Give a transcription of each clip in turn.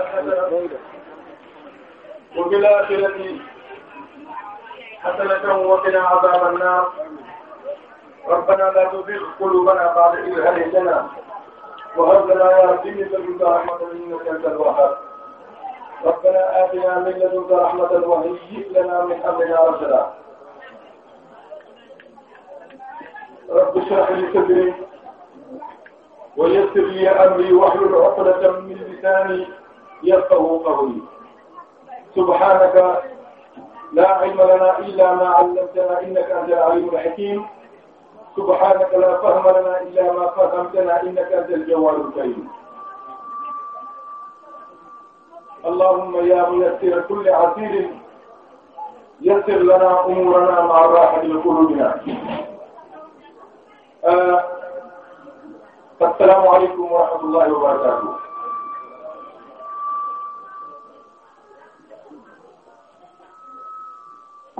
الدنيا حسنة وفي الآخرة حسنة وقنا عذاب النار ربنا لا تزغ قلوبنا بعد إذ هديتنا وهب لنا يا سيدي منك رحمة إنك أنت الوهاب ربنا آتنا من لدنك رحمة وهيئ لنا من أمرنا رشدا رب اشرح لي صدري ويسر لي أمري واحلل عقدة من لساني يفقهوا قولي سبحانك لا علم لنا إلا ما علمتنا إنك أنت العليم الحكيم سبحانك لا فهم لنا إلا ما فهمتنا إنك أنت الجواد الكريم اللهم يا ميسر كل عسير يسر لنا أمورنا مع الراحة لقلوبنا آه السلام عليكم ورحمة الله وبركاته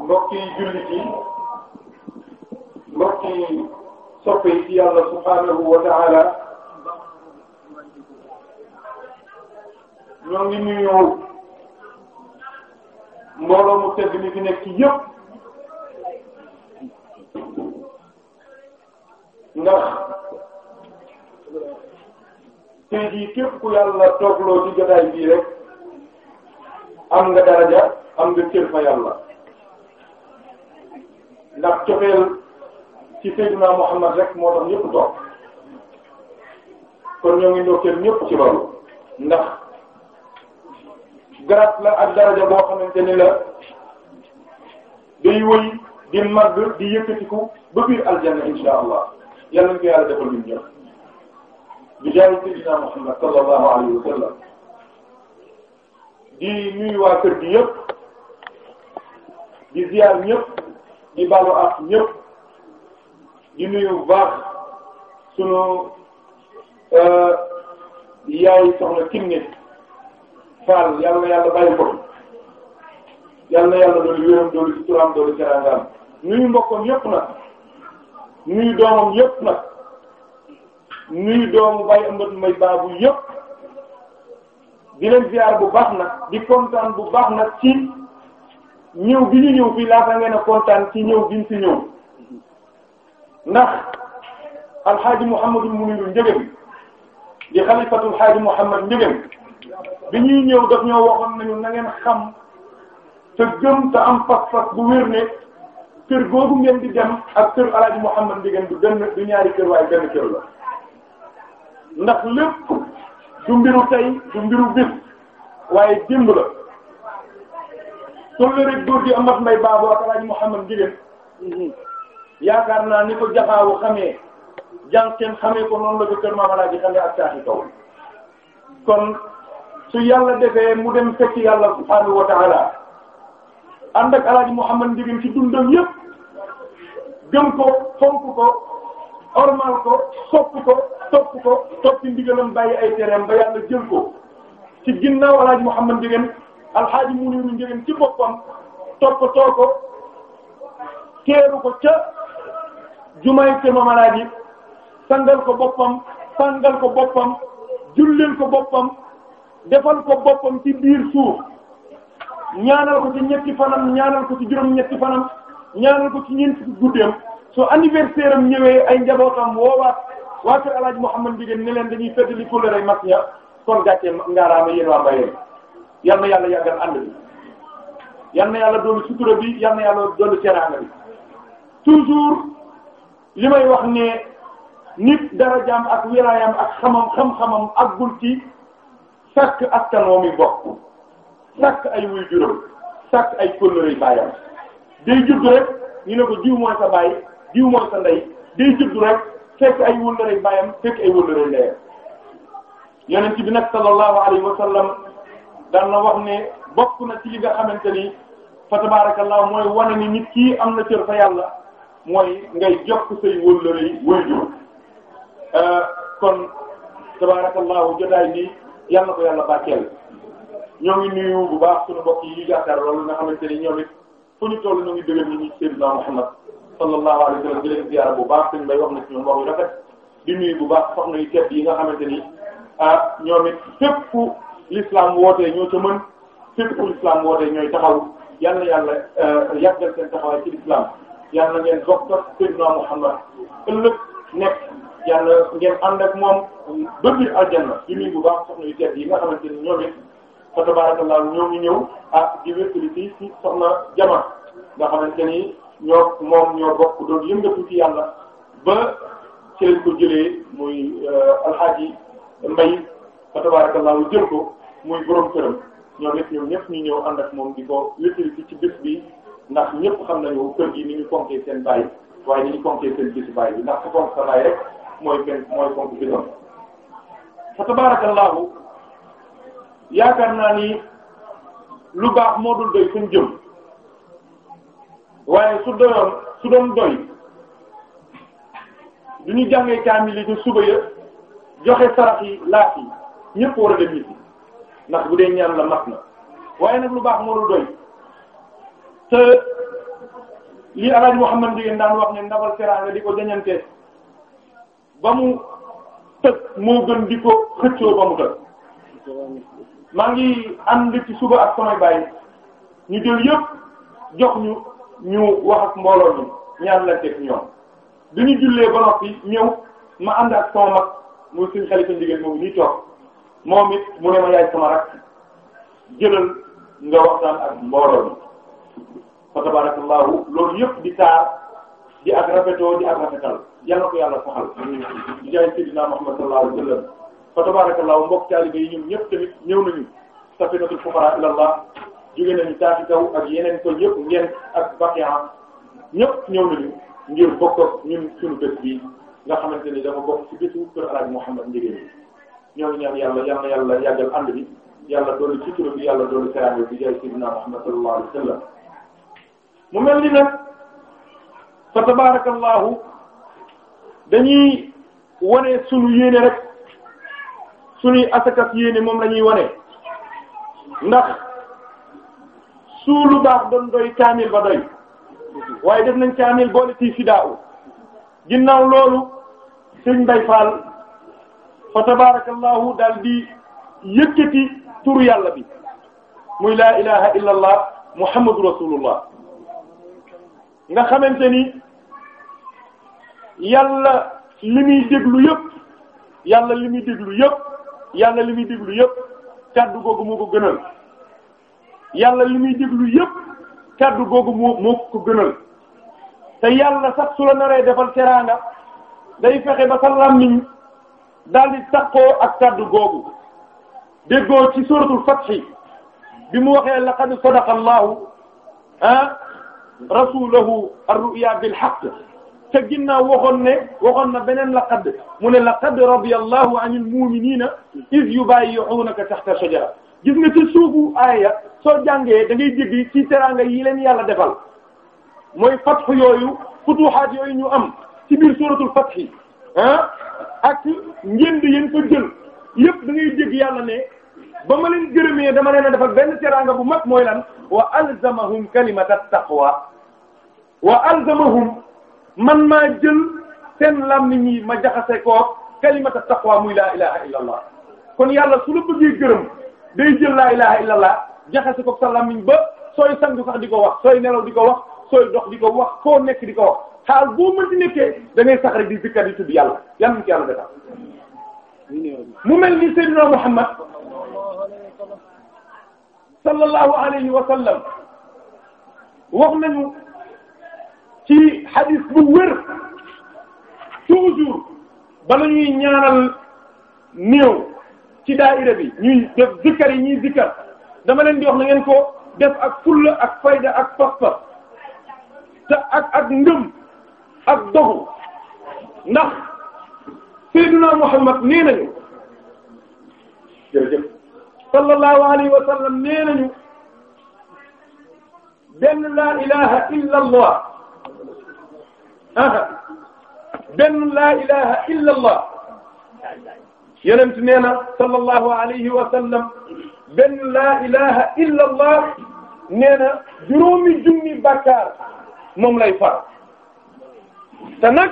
mbokki jullit yi mbokki soppe yi ci yàlla subhanahu wa taala ñoo ngi mbooloo mu tedd mi nekk yëpp ndax tey képp ku yàlla toogloo ci jotaay bii rek am nga daraja am nga cër fa yàlla ndax cofeel ci Seydina Muhammad rek moo tax ñëpp toog kon ñoo ngi ndokkeel ñëpp ci loolu ndax garab la ak daraja boo xamante ni la day wëy di màgg di yëkkatiku ba biir aljanna insha allah yàlla na ko yàlla defal ñun ñëpp bi jaay Seydina Muhammad sallallahu alayhi wa sallam di nuyu waa kër gi yëpp di ziar ñëpp di balu ak ñëpp di nuyu baax sunu euh, yaay soxna Kiné Fall yal na yàlla bàyyi ko yal na yàlla doolu wéram doolu ci turam doolu serangaam nuyu mbokkam yëpp nag nuyu doomam yëpp nag nuyu doomu bàyyi ëmbat may baabu yëpp di leen ziar bu baax na di kontaan bu baax na ci ñëw bi ñu ñëw fii laata ngeen a kontaan ci ñëw bi ñu ci ñëw ndax alxaaji Muhammadu Muniru Njëgëm di xalifatul xaaji Muhammad Njëgëm bi ñuy ñëw daf ñoo waxoon nañu na xam te gëm te am pas bu wér ne kër googu ngeen di dem ak kër alxaaji Muhammad Njëgëm du benn du ñaari kër waaye benn kër la ndax lépp du tey du bis waaye démb la. tolloo rek góor gi Amath Mbaye Babou ak Alaaji Mouhamad Ndieguène mhm. yaakaar naa ni ko jaxaawu xamee jànkuwén xamee ko noonu la ko kër Maam Alaaji xamee ak saaxi kaw kon su yàlla defee mu dem fekk yàlla subhaanahu wa ta'ala ànd ak Alaaji Mouhamad Ndieguène ci dundam yépp gëm ko fonk ko ormal ko sopp ko topp ko toppi ndigalam bàyyi ay tereem ba yàlla jël ko ci ginnaaw Alaaji Mouhamad Ndieguène alxaaji Muniru Njëriñ ci boppam toppatoo ko teeru ko ca jumaay Kër Mamalaadi yi sangal ko boppam sangal ko boppam jullil ko boppam defal ko boppam ci biir suuf ñaanal ko ci ñetti fanam ñaanal ko ci juróom ñetti fanam ñaanal ko ci ñeenti guddeem su anniversaire am ñëwee ay njabootam woowaat waa kër El Hadj Mouhamad Ndieguène leen dañuy fëttali fële rek mag ña kon gàcce ngaaraama yéen waa Mbaye. yal yàlla yàggal ànd bi yal na yàlla doolu sutura bi yal na yàlla doolu teraanga bi toujours li may wax ne nit darajaam ak wilaayam ak xamam xam-xamam ak gul ci sàkk askan wa muy bokk sàkk ay wuy juróom sàkk ay kóllëre baayam day judd rek ñu ne ko diw mooy sa baay diw mooy sa ndey day judd rek fekk ay wëllëre baayam fekk ay wëllëre ndeyam yonent bi nag sallallahu alayhi wa daan la wax ne bokk na ci li nga xamante ni fa tabarakallah mooy wane ni nit kii am na cër fa yàlla mooy ngay jokk say wëllërëy wëyjur euh, kon tabarakallahu jotaay bi yàlla ko yàlla bàcceel ñoo ngi nuyu bu baax suñu mbokk yi yaakaar loolu nga xamante ni ñoom it fu ñu toll ñu ngi dëgër ni ñu Seydina Muhammad sallallahu alayhi wa sallam di leen ziyaara bu baax sëñ bay wax na ci ñoom wax yu rafet di nuyu bu baax soxna yu tedd yi nga xamante ni ah lislaam wootee ñoo ca mën fépp ku wootee ñooy taxaw yàlla yàlla euh, yàggal seen taxawaay ci l'islam yàlla ngeen bokk ak Seydina Muhammad ëllëg nekk yàlla ngeen ànd ak moom bëgg aljanna yu nii bu baax soxna yu tedd yi nga xamante ni ñoom it fa tabarakallah ñoom ñu ñëw ah di wéttali fii ci soxna jama nga xamante ñoo moom ñoo bokk doon yëngatu ci yàlla ba ci ko jëlee muy euh, alxaaji mbay fa tabarakallahu jël ko muy borom këram ñoom ñoom ñëpp ñu ñëw ànd ak moom di ko wéttali ci ci bés bi ndax ñëpp xam nañu kër gi ni ñu ponkee seen bàyyi waaye ni ñu ponkee seen bési bàyyi bi ndax ku ponk sa bàyyi rek mooy benn mooy ponk bésam fa yaakaar naa ni lu baax moo dul doy suñ jëm waaye su doyoon su doon doy du ñu jàngee kaamil yi suba ya joxe sarax yi laaf yi ñëpp war a dem ñibbi ndax bu dee ñaan la mat na waaye nag lu baax moo dul doy te lii alaaj Muhammad Ndieguène daan wax ne ndabal teraanga di ko jañante ba mu tëg moo gën di ko xëccoo ba mu tëg maa ngi ànd ci suba ak samay bàyyi ñu jël yëpp jox ñu ñu wax ak mbooloo ñu ñaan la teg ñoom bi ñu jullee ba noppi ñëw ma ànd ak sama mag muy suñu xalifa Ndieguène moom nii toog moom it mu ne ma yaay sama jëlal nga waxtaan ak mbooloo fa tabarakallahu loolu yëpp di taar di ak rafetoo di ak rafetal yàlla ko yàlla saxal di jaay Seydina Muhammad sallallahu alayhi wa sallam fa tabarakallahu mbokk taalibe yi ñun ñëpp tamit ñëw nañu safinatul fuqara kaw ak yeneen ko yëpp ngeen ak Baqiya ñëpp ñëw nañu ngir bokk ñun suñu bés bi nga xamante ni dama bokk ci bésu kër Alaaji Muhammad Ndieguène ñoo ñaan yàlla yal na yàlla yàggal ànd bi yàlla doolu sutura bi yàlla doolu sarabi bi jaay sayyidina Muhammad sallallahu alayhi mu mel ni nag fa tabarakallahu dañuy wone sunu yéene rek sunuy asakas yéene moom la ñuy wane ndax suulu baax doon doy kaamil ba doy waaye def nañ kaamil boole ci fidaaw ginnaaw loolu sëñ Mbaye Fall fa tabarakallahu daal di yëkkati turu yàlla bi muy laa ilaha illa allah muhammadu rasulullah nga xamante ni yàlla li muy déglu yëpp yàlla li muy déglu yëpp yàlla li muy déglu yëpp kaddu googu moo ko gënal yàlla li muy déglu yëpp kaddu googu moo moo ko gënal te yàlla sax su la naree defal teraanga day fexe ba sa làmmiñ daal di taqoo ak kàddu googu déggoo ci suratul fath bi mu waxee laqad sadaqa allahu ah rasulahu ar-ru'ya bil haqq te ginnaaw waxoon ne waxoon na beneen laqad mu ne laqad radiyallahu anil mu'minina iz yubayyi'unaka tahta shajara gis nga ci suufu aaya soo jàngee da ngay dégg ci teraanga yi leen yàlla defal mooy fatx yooyu futuhaat yooyu ñu am ci biir suratul fath ah ak njënd yéen ko jël yëpp dangay ngay yàlla ne ba ma leen gërëmee dama leen a defal benn teraanga bu mag mooy lan wa alzamahum kalimata taqwa wa alzamahum man maa jël seen làmmiñ yi ma jaxase koo kalimata taqwa muy laa ilaha illa allah kon yàlla su la bëggee gërëm day jël laa ilaha illa allah jaxase ko sa làmmiñ ba sooy sangu sax di ko wax sooy nelaw di ko wax sooy dox di ko wax koo nekk di ko wax xaal boo mënti nekkee da ngay sax di zikkar di tudd yàlla yàlla mu mel ni Seydina Muhammad sallallahu alayhi wa sallam wax nañu ci hadis bu wér toujours bala ñuy ñaanal néew ci daayira bi ñuy def zikkar yi ñuy zikkar dama leen di wax na ngeen ko def ak fulla ak fayda ak pas ak ak ak dogu ndax sayyiduna Muhammad nee nañu jërëjëf sallallahu alayhi wa sallam nee nañu benn laa ilaha illa allah aha benn laa ilaha illa allah yonent nee na sallallahu alayhi wa sallam benn laa ilaha illa allah nee na juróomi junni bàkkaar moom lay far te nag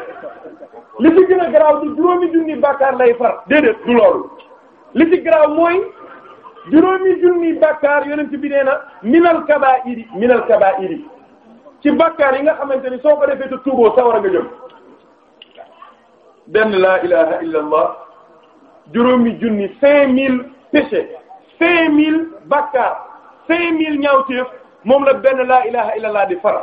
li ci gën a garaaw du juróomi junni bàkkaar lay far déedéet du loolu li ci garaaw mooy juróomi junni bàkkaar yonent bi nee na minal kabaa'iri minal kabaa'iri ci bàkkaar yi nga xamante ni soo ko defee te tuuboo sawara nga jëm benn laa ilaha juróomi junni cinq mille péché cinq mille bàkkaar cinq mille ñaawteef moom la benn laa ilaha di fara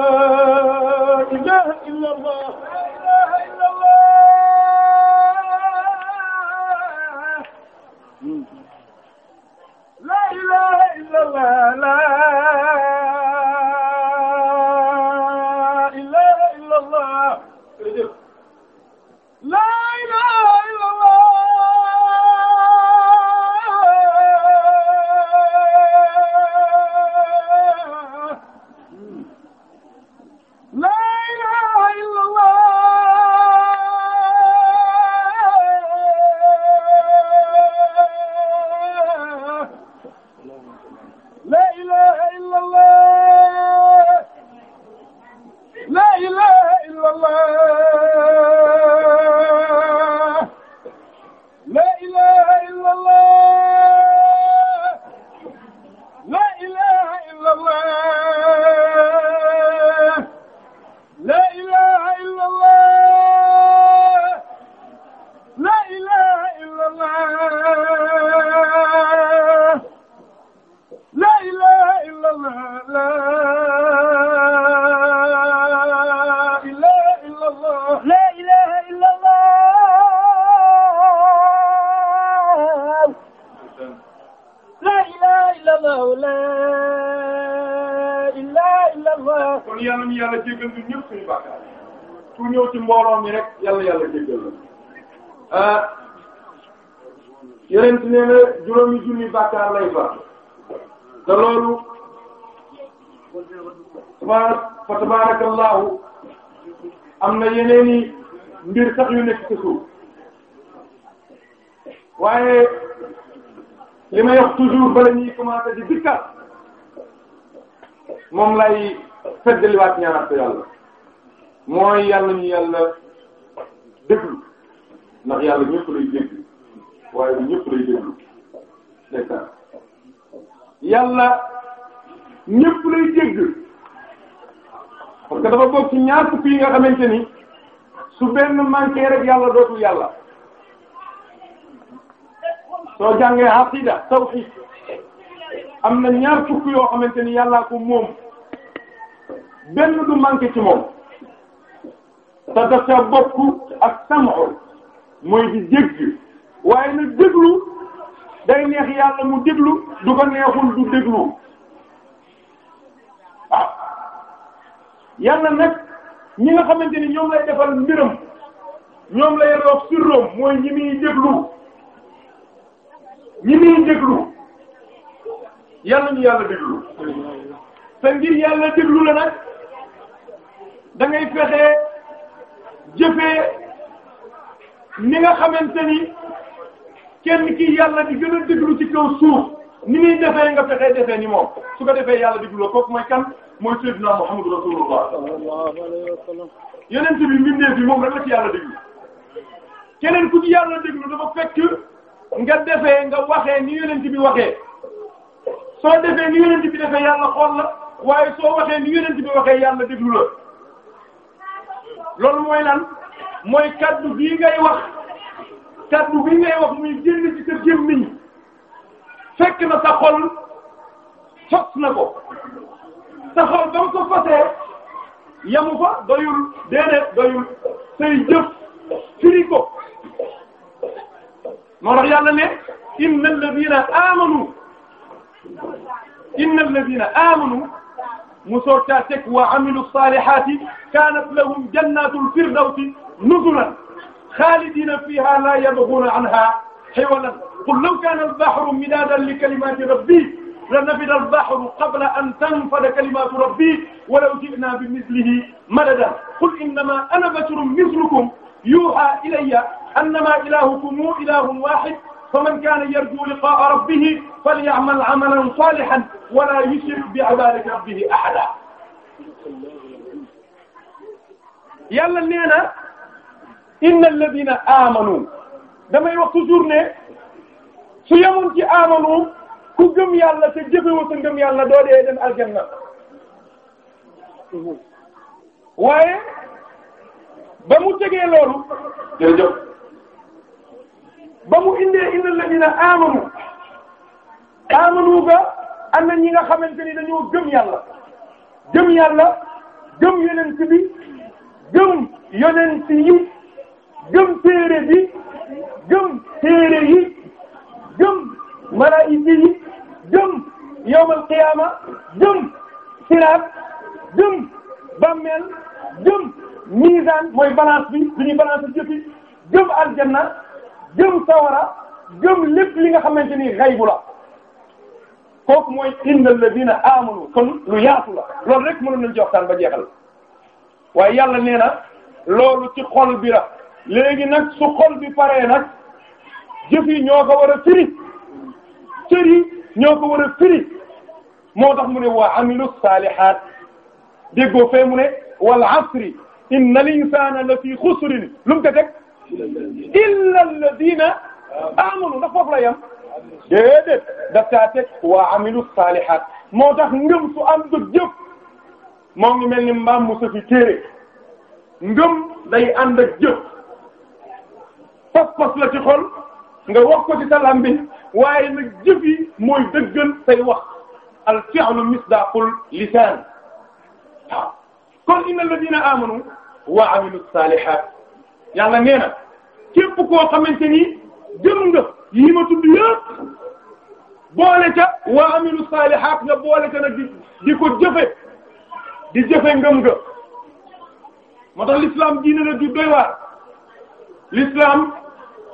feddaliwaat ñaanal ko yàlla mooy yàlla ñu yàlla déglu ndax yàlla ñëpp lay waaye du ñëpp lay déglu c'est ça yàlla ñëpp lay dégg parce que dafa bokk ci ñaar fukk yi nga xamante ni su benn manqué rek yàlla dootul yàlla soo jàngee aqida am na ñaar fukk yoo xamante ni yàllaa ko benn du manqué ci moom te daf ca bokk ak sam'u mooy di dégg waaye nag déglu day neex yàlla mu déglu du ko neexul du déglu ah. yàlla nag ñi nga xamante ni ñoom lay defal mbiram ñoom lay roof sirroom mooy ñi muy déglu ñi muy déglu yàlla ñu yàlla déglu te ngir yàlla déglu la nag da ngay fexe ni nga xamante ni kenn ki yàlla di gën a déglu ci kaw suuf ni muy defee nga fexe defee ni moom su ko defee yàlla déglu la kooku mooy kan mooy sayyidina Muhammadu rasulullah yeneen bi mbindeef bi moom rek la ci yàlla déglu keneen ku ci yàlla déglu dafa fekk nga defee nga waxee ni yeneen bi waxee soo defee ni yeneen bi defee yàlla xool la waaye soo waxee ni yeneen bi waxee yàlla déglu loolu mooy lan mooy kaddu bii ngay wax kaddu bii ngay wax muy génn ci sa gémmiñ fekk na sa xol fas na ko sa xol ba mu ko yamu fa doyul déedéet doyul say jëf firi ko moo yàlla ne inna alladhina amanu inna alladhina amanu mu soortaa teg wa amilu saalihaati kaanat lahum jannaatul firdawsi nuzulan xaalidiina fiihaa laa yabguuna anhaa hiwalan qul law kaana al-bahru midaadan li kalimaati rabbii lanafida al-bahru qabla an tanfada kalimaatu rabbii walaw ji'naa bimislihi madadan qul innamaa ana basharun mislukum yuuhaa ilayya annamaa ilaahukum ilaahun waahid فمن كان يرجو لقاء ربه فليعمل عملا صالحا ولا يشرك بعبادة ربه أحدا yàlla nee na inna alladina amanu damay wax toujours ne su yemoon ci amanu ku gëm yàlla te jëfewu sa ngëm yàlla doo dee dem aljanna waaye ba mu tegee loolu jërëjëf ba mu indee inna alladina amanu amanu ga am na ñi nga xamante ni dañoo gëm yàlla gëm yàlla gëm yonent bi gëm yonent yi gëm téere bi gëm téere yi yi gëm yawmal qiyaama gëm siraat gëm bàmmeel gëm miisaan mooy balance bi bi ñuy balance jëfi gëm aljanna gëm sawara gëm lépp li nga xamante ni xaybu la kooku mooy innal ladina amanu kon lu yaatu la loolu rek mënoon nañ ci waxtaan ba jeexal waaye yàlla nee na loolu ci xol bi la léegi nag su xol bi paree nag jëf yi ñoo ko war a firi cër yi ñoo ko war a moo tax mu ne waa amilu salihat déggoo fee mu ne wal asri inna al la fi xusrin lu mu ko illa alladina amanu ndax foofu la yem déedéet daf caa teg wa amilu salihat moo tax ngëm su am dëg jëf moo ngi mel ni mbaam mu safi téere ngëm day ànd ak jëf pas-pas la ci xol nga wax ko ci sa làmmiñ waaye nag jëf yi mooy dëggal say wax al fi'lu misdaqul lisaan waaw kon inna alladina amanu wa amilu salihat yàlla nee na képp koo xamante ni jëm nga yi ma tudd yëpp boole ca wa amilu salihat nga boole ca di di ko jëfe di jëfe ngëm nga moo tax l'islam diine la du doy waar l'islam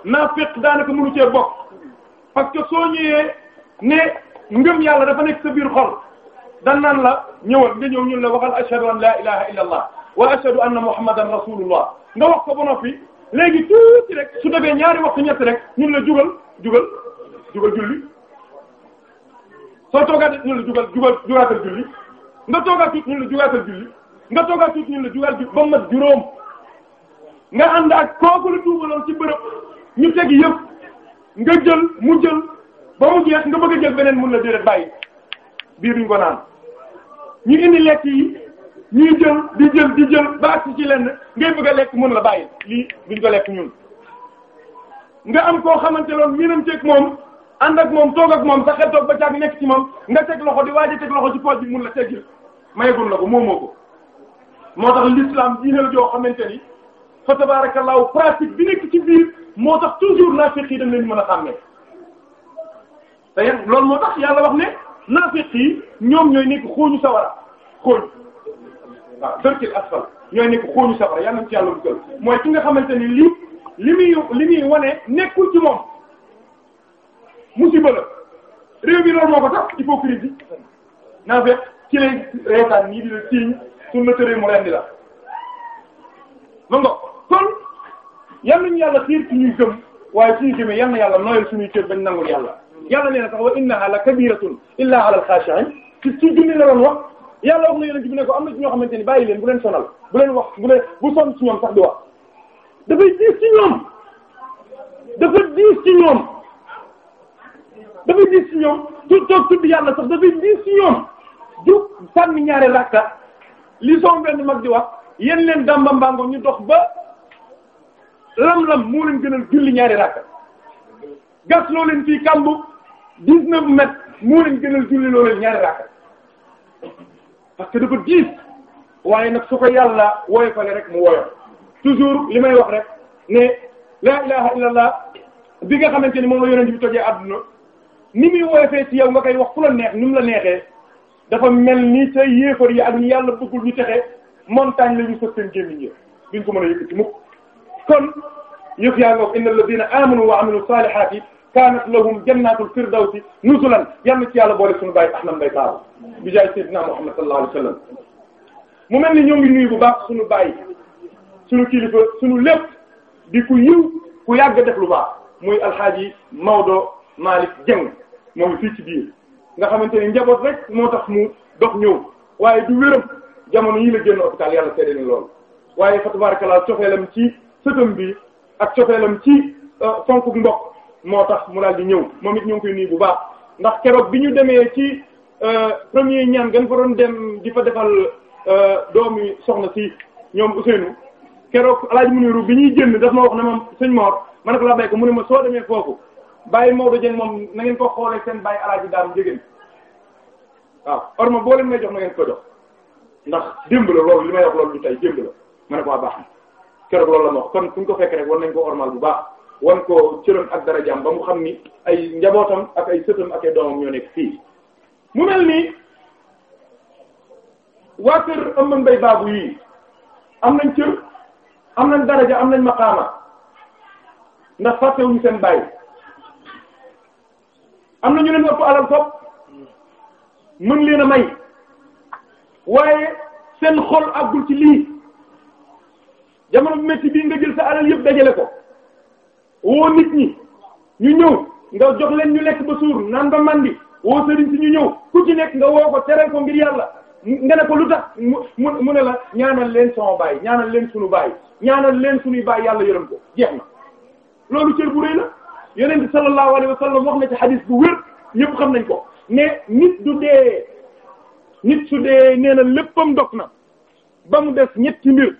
nafiq daanaka mënu cee bokk parce que soo ñëwee ngëm yàlla dafa nekk sa biir xol dan naan la ñëwal nga ñëw ñun la waxal ashhadu an la ilaha illa allah wa ashhadu anna muhammadan rasulullah nga wax ko ba noppi léegi tuuti rek su demee ñaari waxtu ñett rek ñun la jugal jugal jugal julli soo toogaatee ñun la jugal jugal julli nga toogaat tuuti ñun la nga toogaat tuuti ñun la jugal julli ba mu mat juróom nga ànd ak kooku la duubaloon ci bërëb ñu tegi yëpp nga jël mu jël ba mu jeex nga bëgg a jël beneen mun la déedéet bàyyi biir duñ ko naan ñu indi lekk yi. ñuy jël di jël di jël ba ci lenn ngay bëgg a lekk mën la bàyyi lii duñ ko lekk ñun. nga am koo xamante loon miinam ceeg moom ànd ak moom ak moom sa xel toog ba caag nekk ci moom nga teg loxo di a teg loxo ci poche bi mun la teggil mayagul la ko moomoo moo tax l'islam diine la joo xamante ni fa tabarakallahu pratique bi nekk moo tax toujours naafiq yi dañ leen mën a xàmmee te loolu moo tax yàlla wax ne naafiq yi ñoom ñooy nekk xooñu sawara xooñ waaw dërkil asfal ñooy nekk xooñu safara yàlla ci yàlla dugal mooy ki nga xamante ni lii li muy li muy wane nekkul ci moom musiba la réew bi loolu moo ko tax hypocrisie bi naa fekk ci lay reetaan nii di la siiñ suñ la tëree mu la ma nga kon yal nañu yàlla xiir ci ñuy gëm waaye suñu gëmee yal yàlla nooyal suñuy cër bañ nangul yàlla yàlla nee na sax wa innaha la kabiratun illa ala al khashi'in ci junni la doon wax yàlla wax na yonent bi ne ko am na ci ñoo xamante ni bàyyi leen bu leen sonal bu leen wax bu leen bu sonn ci ñoom sax di wax dafay diis ci ñoom dafa diis ci ñoom dafay diis ci ñoom tu toog tudd yàlla sax dafay diis ci ñoom du sànni ñaari rakka li son benn mag di wax yéen leen damba ñu dox ba lam-lam moo leen gënal julli ñaari rakka gas loo leen fii kambu dix-neuf moo leen gënal julli loo ñaari rakka parce que dafa diis waaye nag su ko yàlla woyofale rek mu woyof toujours li may wax rek ne la ilaha illallah bi nga xamante ni moom la yonent bi tojee àdduna ni muy woyofee ci yow nga koy wax fu la neex ni la neexee dafa mel ni sa yéefar yi ak ñu yàlla bëggul ñu texe montagne la ñu sëf seen gémmiñ yi duñ ko mën a yëkkati mukk kon yëf yaa ngoog inna alladina amanu wa amilu salihati kanat lahum jannatul firdawsi nuzulan yal na ci yàlla boole suñu bàyyi ahmad mbay taaru bi jaay Seydina Muhammad sallallahu alayhi wasallam mu mel ni ñoo ngi nuyu bu baax suñu bàyyi suñu kilifa suñu lépp di ku yiw ku yàgg def lu baax muy alxaaji mawdo Malick Dieng moom fii ci biir nga xamante ni njaboot rek moo tax mu dox ñëw waaye du wéram jamono yi la génn hôpital yàlla seede ni loolu waaye fa tabarakallah cofeelam ci sëtam bi ak cofeelam ci euh, fonk ndox moo tax mu daal ñëw moom it ñoo ngi koy nuyu bu baax ndax keroog bi ñu demee Euh, premier ñaan gan fa doon dem di fa defal euh, doomi soxna si ñoom Ousseynou keroog El Hadj Mounirou bi ñuy jënd daf ma wax ne moom sëñ moor ma ne ko laa bay ko mu ne ma soo demee foofu bàyyi Maodo Dieng moom na ngeen ko xoolee seen bàyyi El Hadj Dame Ndiéguène waaw or ma boo leen may jox na ngeen ko jox ndax démb la loolu li may wax loolu du tey démb la ma ne ko waa ah, baax na keroog loolu la ma kon fu ko fekk rek war nañ ko ormal bu baax wan ko cëram ak dara jàmm ba mu xam ni ay njabootam ak ay sëtam ak ay fii. mu mel nii waa kër ëmban bay baabu yii am nañ cër am nañ daraja am nañ maqaama ndax fàttewuñu seen bàyyi am na ñu leen ëpp alal fopp mën leen may waaye seen xol àggul ci lii jamono bu metti bii nga jël sa alal yëpp dajale ko woo nit ñi ñu ñëw nga jox leen ñu lekk ba suur naan ba mandi woo sëriñ si ñu ñëw ku ci nekk nga woo ko teral ko ngir yàlla nga ne ko lu tax mu mu ne la ñaanal leen sama baay ñaanal leen sunu baay ñaanal leen sunuy baay yàlla yërëm ko jeex na loolu cër bu rëy la yeneen bi sallallahu alayhi wa sallam wax na ci xadis bu wér ñëpp xam nañ ko mais nit du dee nit su dee nee na léppam dog na ba mu des ñetti mbir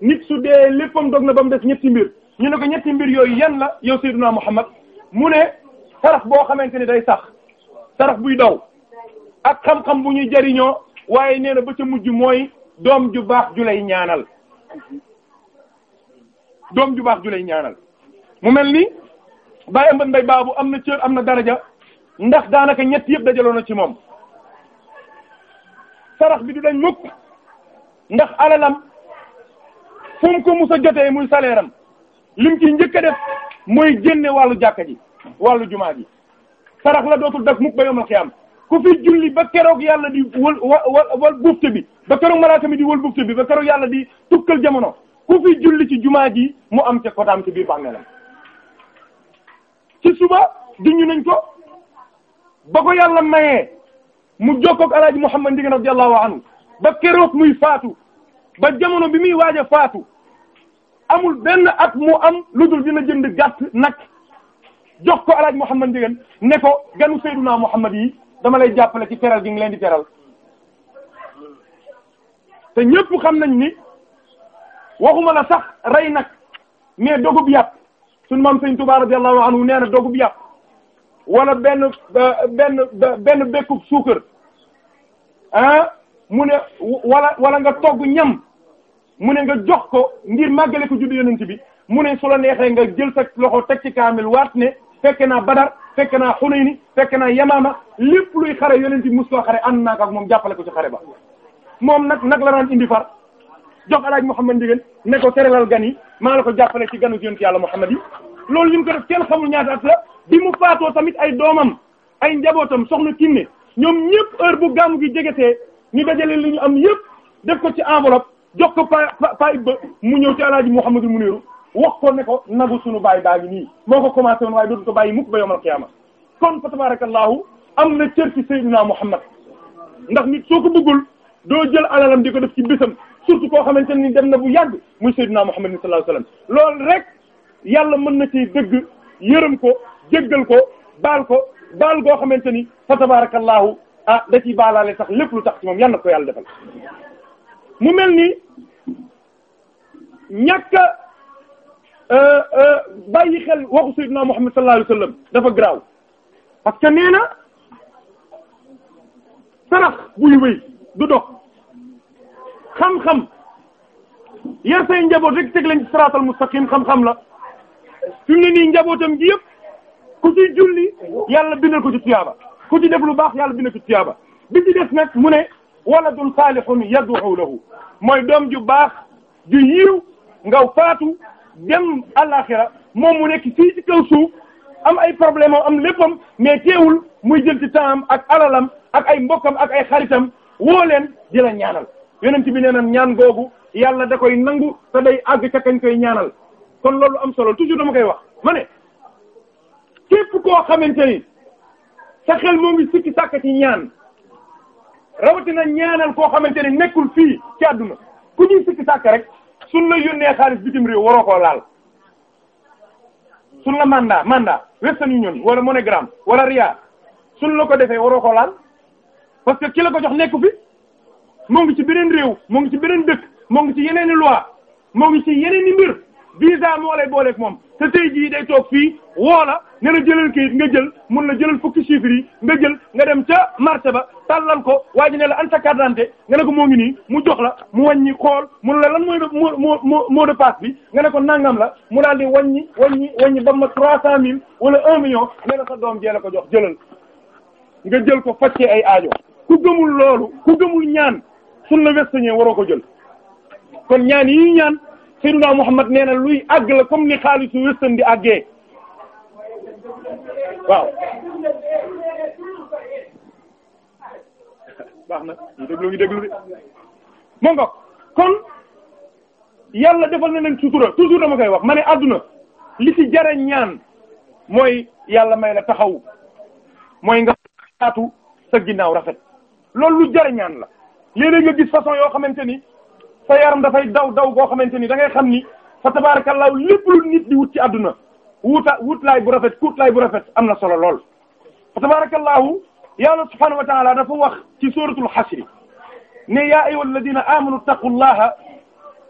nit su dee léppam dog na ba mu des ñetti mbir ñu ne ko ñetti mbir yooyu yan la yow Seydina Muhammad mu ne sarax boo xamante ni day sax sarax buy dow ak xam-xam bu ñuy jariñoo waaye nee na ba ca mujj mooy doom ju baax ju lay ñaanal doom ju baax ju lay ñaanal mu mel ni Baye Mbad Mbaye Babou am na cër am na daraja ndax daanaka ñett yëpp dajaloo na ci moom sarax bi du dañ mukk ndax alalam fu mu ko mus a jotee muy salaire am lim ci njëkk def mooy génne wàllu jàkka ji wàllu jumaa ji sarax la dootul dak mukk ba yowmal xiyaam ku fi julli ba keroog yàlla di wal wal wal bi ba keroog malaaka mi di wal bufte bi ba keroog yàlla di tukkal jamono ku fi julli ci jumaa ji mu am ca kotaam ci biir bàmmeelam ci suba diñu nañ ko ba ko yàlla mayee mu jokkoog alaaji Muhammad muy faatu ba jamono bi muy waaja faatu amul benn at mu am lu dul na jënd gàtt nag jox ko alaaj Mouhamad Ndieguene ne ko ganu mu Mouhamad yi dama lay jàppale ci teral gi ngi leen di teral te ñépp xam nañ ni waxuma la sax rey nag mais dogub yàpp suñu maam Sëriñ Tuubaa radiyallahu anhu nee na dogub yàpp wala benn benn benn bekkub suukar ah mu ne wala wala nga togg ñam mu ne nga jox ko ngir màggale ko juddu yonent bi mu ne su la neexee nga jël sa loxo teg ci kaamil waat ne fekke naa Badar fekke naa Xunayni fekke naa Yamaama lépp luy xare yonent bi mos koo xare ànd naa ko moom jàppale ko ci xare ba moom nag nag la daan indi far jox alaaj Muhammad Ndieguène ne ko teralal gan yi maa la ko jàppale ci ganu yonent yàlla Muhammad yi loolu li mu ko def kenn xamul ñaata at la bi mu faatoo tamit ay doomam ay njabootam soxna Kiné ñoom ñëpp heure bu gàmm gi jegetee ñu dajale li ñu am yëpp def ko ci enveloppe jox ko pa pa mu ñëw ci alaaji Muhammadu Muniru wax ko ne ko nagu sunu baay baa ngi nii moo ko commencé waaye dootu ko bàyyi mukk ba yawmal qiyaama kon fa tabarakallahu am na cër ci sayyidina Muhammad ndax nit soo ko bëggul doo jël alalam di ko def ci bésam surtout koo xamante ni dem na bu yàgg muy sayyidina Muhammad sallallahu alayhi wasallam loolu rek yàlla mën na ci dëgg yërëm ko jéggal ko baal ko baal goo xamante ni fa tabarakallahu ah da ciy baalaale sax lépp lu tax ci moom yàlla na ko yàlla defal mu mel ni ñàkk Euh, euh, bàyyi xel waxu sayyidina Muhammad sallallahu alayhi wasallam dafa garaaw parce que nee na sarax buy wéy du dog xam-xam yar say njaboot rek teg lañ ci siraatal mustaqim xam-xam la fi mu ne nii njabootam gi yëpp ku ci julli yàlla bindal ko ci tiyaaba ku ci def lu baax yàlla bindal ko ci tiyaaba bi ci def nag mu ne waladun salihun yad'u lahu mooy doom ju baax ju yiw ngaw faatu dem àllaaxira moom mu nekk fii ci kaw suuf am ay problème am léppam mais teewul muy jël ci temps ak alalam ak ay mbokkam ak ay xaritam woo leen di la ñaanal yonent bi nee na ñaan googu yàlla da koy nangu te day àgg ca kañ koy ñaanal kon loolu am solo toujours dama koy wax ma ne képp koo xamante ni sa xel moo ngi sikki sàkk ci ñaan rawatina ñaanal koo xamante ne nekkul fii ci àdduna ku ñuy sikki sàkk rek suñ la yónnee xaalis bitim réew waroo koo laal suñ la mandat mandat Western Union wala MoneyGram wala Ria suñ la ko defee waroo koo laal parce que ki la ko jox nekku fi moo ngi ci beneen réew moo ngi ci beneen dëkk moo ngi ci yeneen loi moo ngi ci yeneen i mbir visa moo e booleeg moom te tey jii day toog fii woo la ne la jëlal kayit nga jël mun la jëlal fukki chiffres nga jël nga dem ca marché ba tàllal ko waa ji ne la an sa nga ne ko moo ngi nii mu jox la mu wàññi xool mun la lan mooy moo moo mot de passe bi nga ne ko nangam la mu daal di wàññi wàññi wàññi ba ma trois cent mille wala un million ne la sa doom jee la ko jox jëlal nga jël ko faccee ay aajo ku gëmul loolu ku gëmul ñaan suñ la westañee waroo ko jël kon ñaan yi ñaan Seydina Muhammad nee na luy àgg la comme ni xaalisu western di àggee waaw baax na ñu déglu ñu déglu de ma ngoog kon yàlla defal na leen sutura toujours dama koy wax ma ne àdduna li ci jara ñaan mooy yàlla may la taxaw mooy nga xaatu sa ginnaaw rafet loolu lu jara la léeg nga gis façon yoo xamante ni sa yaram dafay daw daw goo xamante ni da ngay xam ni fa tabarakallahu lépp lu nit di wut ci àdduna wuuta wutlaay bu rafet kuutlaay bu rafet am na solo lool fa tabarakallahu yàlla subhanahu wa taala dafa wax ci suratul xasri ne yaa ayyuha alladina amanu taqullaha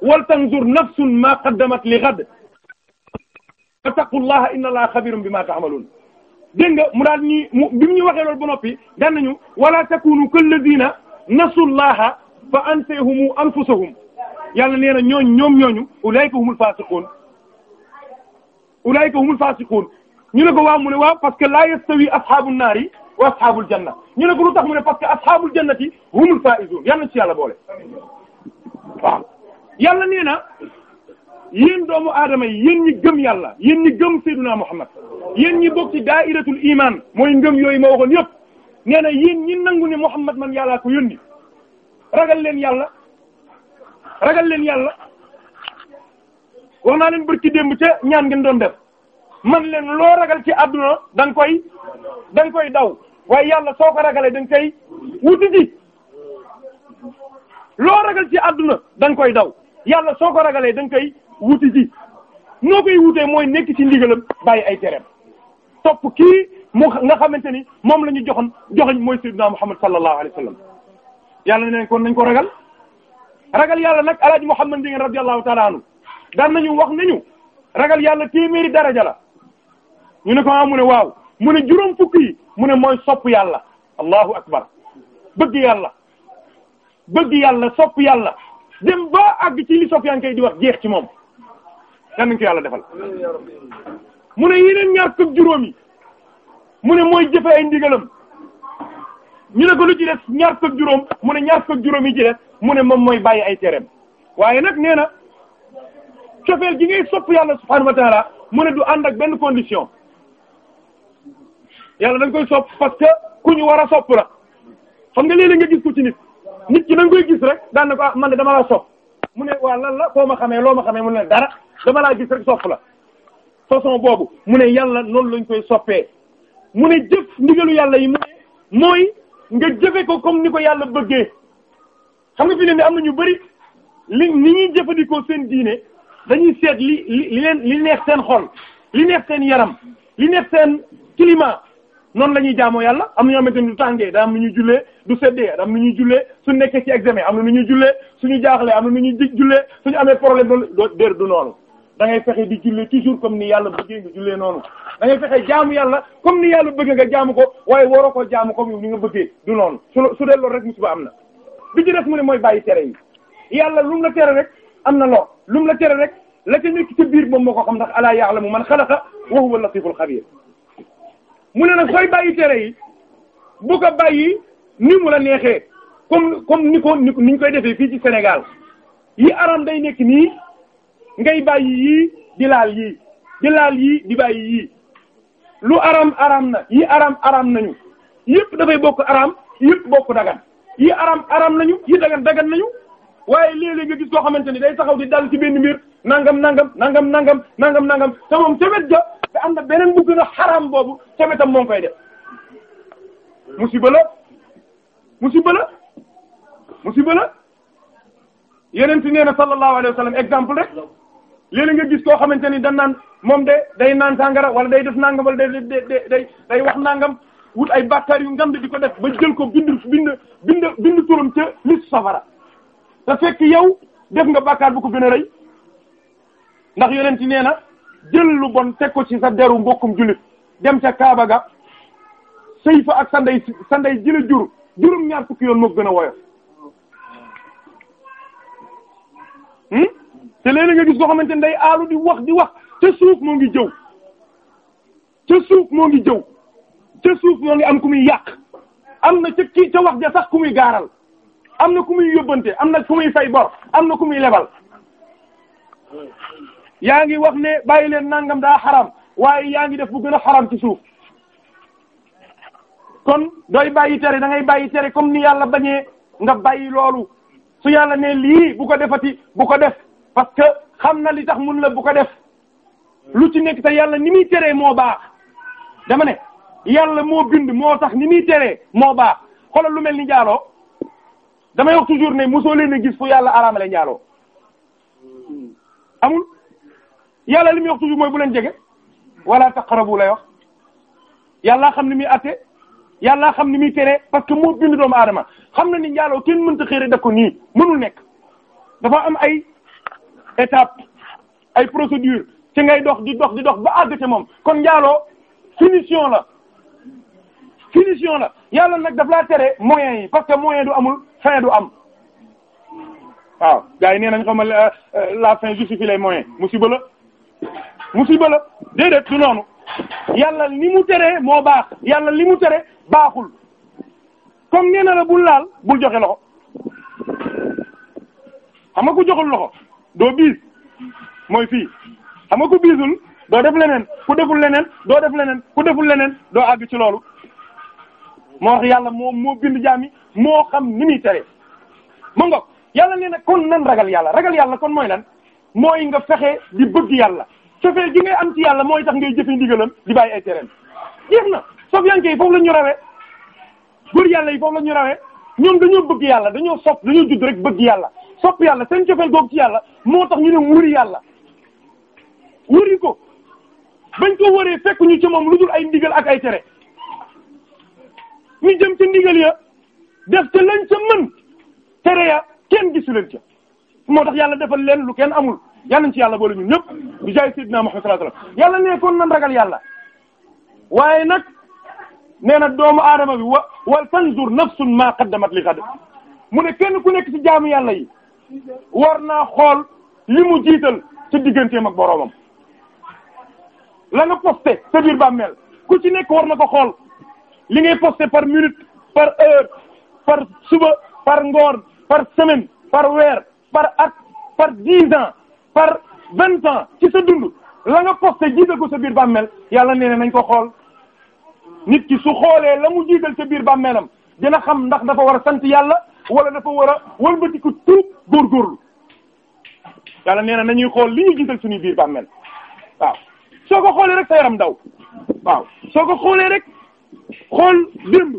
wal tanzur nafsun ma qaddamat li ghad wa taqullaha inna allaha xabirum bima ta'malun dégg nga mu daal nii mu bi mu ñu waxee loolu ba noppi daan nañu wala takunu kal ladina nasullaha fa ansahum anfusahum yàlla nee na ñooñu ñoom ñooñu ulaayka humul faasiquun ulaayka humul faasiquun ñu ne ko waaw mu ne waaw parce que laa yastawi asxaabul naari wa asxaabul janna ñu ne ko lu tax mu ne parce que asxaabul jannati humul faa'izuun ci yàlla boole waaw yàlla nee doomu aadama yi yéen ñi gëm yàlla yéen ñi gëm Seydina Muhammad ñi bokk ci daa'iratul mooy ngëm yooyu ma waxoon yëpp nee na yéen ñi nangu ne Muhammad man yàllaa ko yónni ragal leen yàlla ragal leen yàlla wax naa leen bërki démb ca ñaan ngeen doon def man leen loo ragal ci àdduna da koy da koy daw waaye yàlla soo ko ragalee da nga koy wuti loo ragal ci àdduna da koy daw yàlla soo ko ragalee da koy wuti ji noo koy wutee mooy nekk ci ndigalam bàyyi ay tereem topp kii mu nga xamante ni moom la ñu joxoon joxoñ mooy sayyidina Muhammad sallallahu alayhi wasallam yàlla neen kon nañ ko ragal ragal yàlla nag alaaj Muhammad Ndieguene radiyallahu ta'ala anhu daan nañu wax nañu ragal yàlla téeméeri daraja la ñu ne ko ah mu waaw mu ne juróom fukk yi mu ne mooy sopp yàlla allahu akbar bëgg yàlla bëgg yàlla sopp yàlla dem ba àgg ci li sopp yaa di wax jeex ci moom yan nañ ko yàlla defal mu ne yeneen ñaar fukk mu ne mooy jëfe ay ndigalam ñu ne ko lu ci des ñaar fukk juróom mu ne ñaar fukk juróom mu ne moom mooy bàyyi ay tereem waaye nag nee na cofeel gi ngay sopp yàlla subhaanahu wa mu ne du ànd ak benn condition yàlla dañ koy sopp parce que ku ñu war a sopp la xam nga léeg-léeg nga gis ko ci nit nit ki da koy gis rek daan na ko ah man de dama laa sopp mu ne waa lan la foo ma xamee loo ma xamee mu ne dara dama laa gis rek sopp la façon boobu mu ne yàlla noonu lañ koy soppee mu ne jëf ndigalu yàlla yi mu ne mooy nga jëfe ko comme ni ko yàlla bëggee xam nga fi ne ni am na ñu bari li ni ñuy jëfandikoo seen diine dañuy seet li li li leen li neex seen xol li neex seen yaram li neex seen climat noonu la ñuy jaamoo yàlla am na ñoo xamante ni du tàngee daa am na ñuy jullee du seddee am na ñu jullee su nekkee ci examen am na nu ñu jullee suñu jaaxlee am na nu ñuy jullee suñu amee problème doon dér du noonu da ngay fexe di jullee toujours comme ni yàlla bëggee nga jullee noonu da ngay jaamu yàlla comme ni yàlla bëggee nga jaamu ko waaye waroo ko jaamu comme ni nga bëggee du noonu su su dee loolu am na bi ci des mu mooy bàyyi tere yi yàlla lu mu la am na lor lu la tere rek la ca nekk ci biir moom moo ko ndax alaa ya'lamu man xalaqa wa huwa latiful xabiir mu ne nag sooy bàyyi tere yi bu ko bàyyi ni mu la ni koy defee fii ci Sénégal yi aram day nekk nii ngay bàyyi yii di laal yii di bàyyi yii lu aram aram na yi aram aram nañu yëpp dafay bokk aram yëpp bokk dagan yi aram araam nañu yi dagan dagan nañu waaye léeg-léeg nga gis koo xamante ni day taxaw di dal ci benn mbir nangam nangam nangam nangam nangam nangam te moom tamit ja te am na beneen bu gën a xaram boobu tamitam moo ngi koy def musiba la musiba la musiba la yeneen ci nee na sallallahu alayhi wa exemple rek léeg nga gis koo xamante ni da naan moom de day naan sàngara wala day def nangam wala day day nangam wut ay bàkkaar yu ngand di ko def ba jël ko bind bind bind bind turam ca liste safara te fekk yow def nga bàkkaar bu ko gën a rëy ndax yonent nee na jël lu bon teg ko ci sa deru mbokkum jullit dem ca Kaaba ga sëy fa ak sa nday sa ndey jëla jur juróom ñaar fukki yoon moo gën a woyof hmm? te léeg nga gis koo xamante ne day aalu di wax di wax ca suuf moo ngi jëw ca suuf moo ngi jëw ca suuf moo ngi am ku muy yàq am na ca ki ca wax ja sax ku muy gaaral am na ku muy yóbbante am na ku muy fay bor am na ku muy lebal yaa ngi wax ne bàyyi leen nangam daa xaram waaye yaa ngi def bu gën a xaram ci suuf kon doy bàyyi tere dangay bàyyi tere comme ni yàlla bañee nga bàyyi loolu su yàlla ne lii bu ko defati bu ko def parce que xam na li tax mun la bu ko def lu ci nekk te yàlla ni muy teree moo baax dama ne yàlla moo bind moo tax ni muy teree moo baax xoolal lu mel ni njaaloo damay wax toujours ne mosoo leen a gis fu yàlla araamale njaaloo amul yàlla li muy wax toujours mooy bu leen jege wala taqrabu lay wax yàlla xam ni muy atte yàlla xam ni muy tere parce que moo bind doomu aadama xam na ni njaaloo kenn mënta xëere def ko nii mënul nekk dafa am ay étape ay procédure te ngay dox di dox di dox ba àgg te moom kon njaaloo finition la finition la yàlla nag daf la tere moyen yi parce que moyen du amul fin du am waaw gars yi nee nañ xam nga euh, euh, la fin justifie les moyens musiba la musiba la déedéet du noonu yàlla li mu teree moo baax yàlla li mu tere baaxul comme nee na la bul laal bul joxe loxo xam nga ku joxul loxo doo biis mooy fii xam nga ku biisul doo def leneen ku deful leneen doo def leneen ku deful leneen doo àgg ci loolu moo wax yàlla moom moo bind jaam moo xam ni muy tere ma ngoog yàlla nee na kon nan ragal yàlla ragal yàlla kon mooy lan mooy nga fexe di bëgg yàlla sofee gi ngay am ci yàlla mooy tax ngay jëfe ndigalam di bàyyi ay tereem jeex na sofiyanke yi foofu la ñu rawee góor yàlla yi foofu la ñu rawee ñoom dañoo bëgg yàlla dañoo sopp dañoo judd rek bëgg yàlla sopp yàlla seen cofeel googu ci yàlla moo tax ñu ne wuri yàlla wuri ko bañ ko waree fekk ci moom lu dul ay ndigal ak ay tere ñu jëm ci ndigal ya def ca lañ ca mën tere ya kenn gisu leen moo tax yàlla defal leen lu kenn amul yàlla nañ ci yàlla boole ñun ñëpp bi jaay sayyidina Muhammad sallallahu alayhi yàlla ne kon nan ragal yàlla waaye nag nee na doomu aadama bi wa wal tanzur nafsun ma qaddamat li ghad mu ne kenn ku nekk ci jaamu yàlla yi war naa xool li mu jiital ci digganteem ak boroomam la nga posté bàmmeel ku ci nekk war na ko xool li ngay posté par minute par heure par suba par ngoon par semaine par weer par at par dix ans par vingt ans ci sa dund la nga posté jiital ko sa biir bàmmeel yàlla nee nañ ko xool nit ki su xoolee la mu jiital sa biir bàmmeelam dina xam ndax dafa war a sant yàlla wala dafa war a wëlbatiku tuub góorgóorlu yàlla nee na nañuy xool li ñu jiital suñuy biir bàmmeel waaw soo ko xoolee rek sa yaram daw waaw soo ko xoolee rek xool démb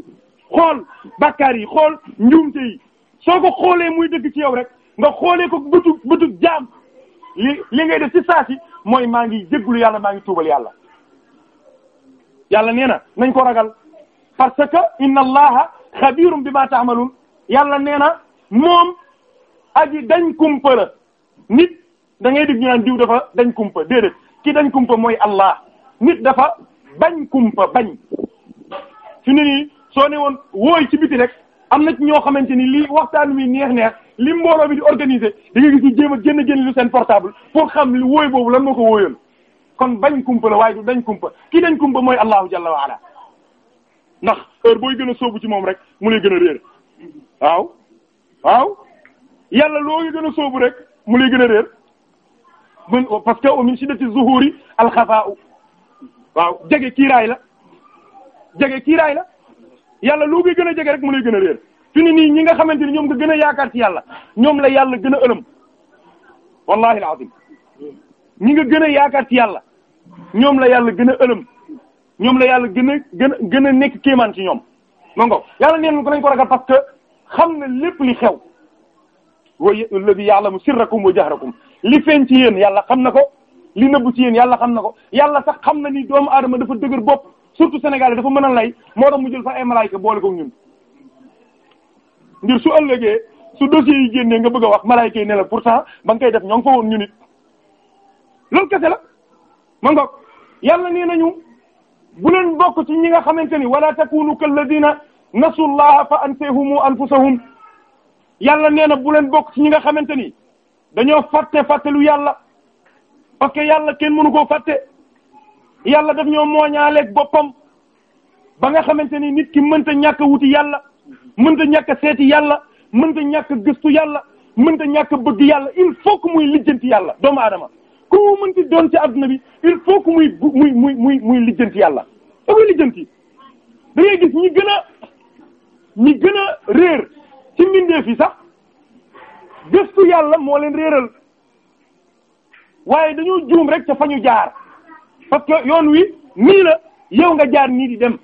xool bakkaar yi xool njuumte yi soo ko xoolee muy dëgg ci yow rek nga xoolee ko bëtu bëtu jaam li li ngay def ci saa si mooy maa ngi jégglu yàlla maa ngi tuubal yàlla yàlla nee na nañ ko ragal parce que inna allaha xabirum bima ta'malun yàlla nee na moom aji dañ kumpa la nit da ngay dégg ñu diw dafa dañ kumpa déedéet ki dañ kumpa mooy allah nit dafa bañ kumpa bañ fi ne nii soo ne woon wooy ci biti rek am na ci ñoo xamante ni lii waxtaan wi neex neex li mbooloo bi di organiser da nga gis ñu a génn génn lu seen portable pour xam li wooy boobu lan moo ko wóoyoon kon bañ kumpa la waaye du dañ kumpa ki dañ kumpa mooy allahu jalla wa ala ndax heure booy gën a soobu ci moom rek mu lay gën a réer waaw waaw yàlla loo ngi gën a soobu rek mu lay gën a réer mun parce que au min shiddati zuhuri al waaw jege kiiraay la jege kiiraay la yàlla loo koy gën a jege rek mu lay gën a réer fi nii ñi nga xamante ni ñoom nga gën a yaakaar ci yàlla ñoom la yàlla gën a ëlëm wallahi alazim nga gën a yaakaar ci yàlla ñoom la yàlla gën a ëlëm ñoom la yàlla gën a gën gën a nekk kéemaan ci ñoom mango yàlla neen ko nañ ko ragal parce que xam na lépp li xew way alladhi ya'lamu sirrakum wa jahrakum li feeñ ci yéen yàlla xam na ko li nëbb ci yéen yàlla xam na ko yàlla sax xam na ni doomu adama dafa dëgër bopp surtout Sénégal dafa mën a lay moo tax mu jël sax ay boole ko ñun ngir su ëllëgee su dossier yi génnee nga bëgg a wax malaayka yi ne la pourtant ba nga koy def ñoo ngi fa woon ñun loolu kese la ma ngoog yàlla nee nañu bu leen bokk ci ñi nga xamante ni wala takunu kalladina nasullaha fa ansahum anfusahum yàlla nee na bu leen bokk ci ñi nga xamante ni dañoo fàtte fàtte lu yàlla parce yàlla kenn mënu koo fàtte yàlla daf ñoo mooñaaleeg boppam ba nga xamante ni nit ki mënta ñàkk wuti yàlla mënta ñàkk seeti yàlla mënta ñàkk gëstu yàlla mënta ñàkk bëgg yàlla il faut que muy lijjanti yàlla doomu aadama ku mu mënti doon ci adduna bi il faut que muy muy muy muy muy lijjanti yàlla da koy lijjanti da ngay gis ñi gën a ñi gën a réer ci mbindeef yi sax gëstu yàlla moo leen réeral waaye dañoo juum rek ca fa ñu jaar parce que yoon wi nii la yow nga jaar nii di dem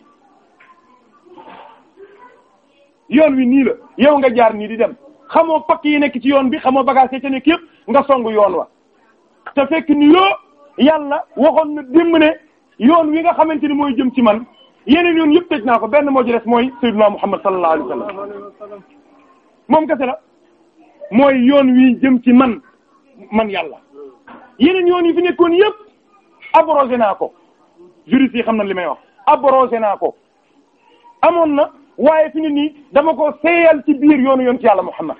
yoon wi nii la yow nga jaar nii di dem xamoo pakk yi nekk ci yoon bi xamoo bagage yi ca nekk yëpp nga songu yoon wa te fekk ni yoo yàlla waxoon na démb ne yoon wi nga xamante ni mooy jëm ci man yeneen yoon yëpp tëj naa ko benn moo ci des mooy sayyiduna Muhammad sallallahu alayhi wasallam moom kese mooy yoon wi jëm ci man man yàlla yeneen yoon yi fi nekkoon yëpp abrogé naa ko juriste yi xam na li may wax abrogé naa ko amoon na waaye fi ni nii dama ko seeyal ci biir yoonu yoon ci yàlla Muhammad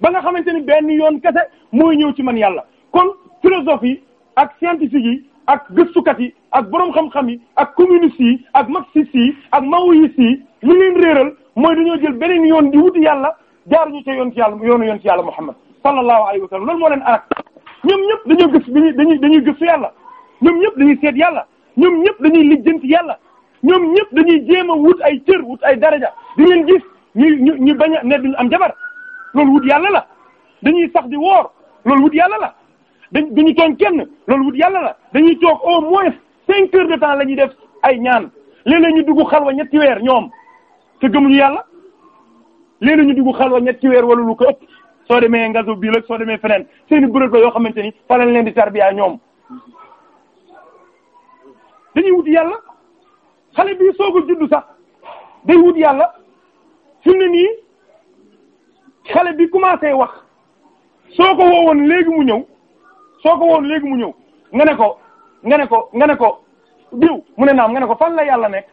ba nga xamante ni benn yoon kese mooy ñëw ci man yàlla kon philosophe yi ak scientifique yi ak gëstukat yi ak boroom xam-xam yi ak communiste yi ak marxiste yi ak maoïste yi li leen réeral mooy dañoo jël beneen yoon di wuti yàlla jaar ñu ca yoon ci yàlla yoonu yoon ci yàlla Muhammad sallallahu alayhi wa loolu moo leen arak ñoom ñëpp dañoo gës ñoom ñëpp dañuy seet yàlla ñoom ñëpp dañuy lijjanti yàlla ñoom ñëpp dañuy jéem a wut ay cër wut ay daraja di ngeen gis ñu ñu bañ a ne duñ am jabar loolu wut yàlla la dañuy sax di woor loolu wut yàlla la dañ dañuy tooñ kenn loolu wut yàlla dañuy toog au moins cinq heures de temps la ñuy def ay ñaan léeg ñu dugg xalwa ñetti weer ñoom te gëmuñu yàlla léeg-léeg ñu dugg xalwa ñetti weer wala lu ko soo demee ngazo bii la soo demee feneen seeni i bërëb yoo xamante ni fa lañ leen di tarbiya ñoom dañuy wut yàlla xale bi soog a juddu sax day wut yàlla fi mu ne nii xale bi commencé wax soo ko woowoon léegi mu ñëw soo ko woowoon léegi mu ñëw nga ne ko nga ne ko nga ne ko diw mu ne naam nga ne ko fan la yàlla nekk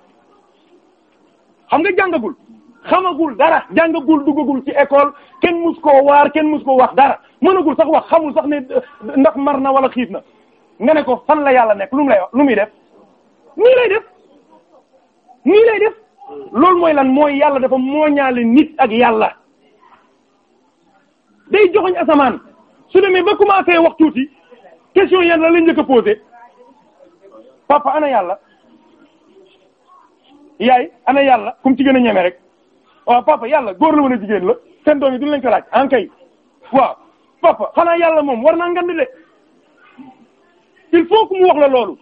xam nga jàngagul xamagul dara jàngagul gul ci école kenn mus ko waar kenn mus koo wax dara mënagul sax wax xamul sax ne ndax mar na wala xiif na nga ne ko fan la yàlla nekk lu mu wax lu muy def nii lay def nii lay loolu mooy lan mooy yàlla dafa mooñaale nit ak yàlla day joxoñ asamaan su demee ba commencé wax tuuti question yan la lañ papa ana yàlla yaay ana yàlla comme ci gën a ñeme rek waaw papa yàlla góor la wala jigéen la seen doom yi duñ lañ ko laaj ankay waaw papa xanaa yàlla moom war naa de il faut que wax la loolu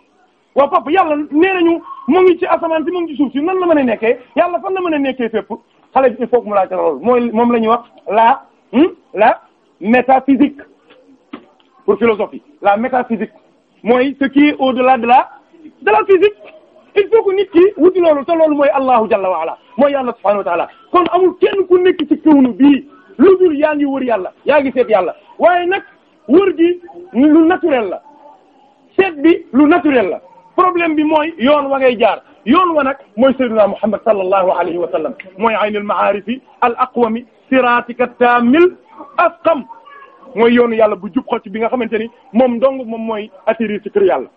waaw papa yàlla nee nañu mu ngi ci asamaan si mu ngi ci suuf si nan la mën a nekkee yàlla fan la mën a nekkee fépp xale bi il faut que mu laajte loolu mooy moom la ñuy wax laa hmm, la métaphysique pour philosophie la métaphysique mooy ce qui est au de la de la physique il faut que nit ki wuti loolu te loolu mooy allahu jalla wa ala mooy yàlla subhanahu wa kon amul kenn ku nekk ci kawnu bii lu dul yaa ngi wër yàlla yaa ngi seet yàlla waaye nag wër gi lu naturel bi lu naturel la problème bi mooy yoon wa ngay jaar yoon wa nag mooy sayyidina Muhammad sallallahu alayhi wa sallam mooy aynul ma'arifi al aqwami siratika tamil asqam mooy yoonu yàlla bu jub xocc bi nga xamante ni moom dong moom mooy atterrir ci kër yàlla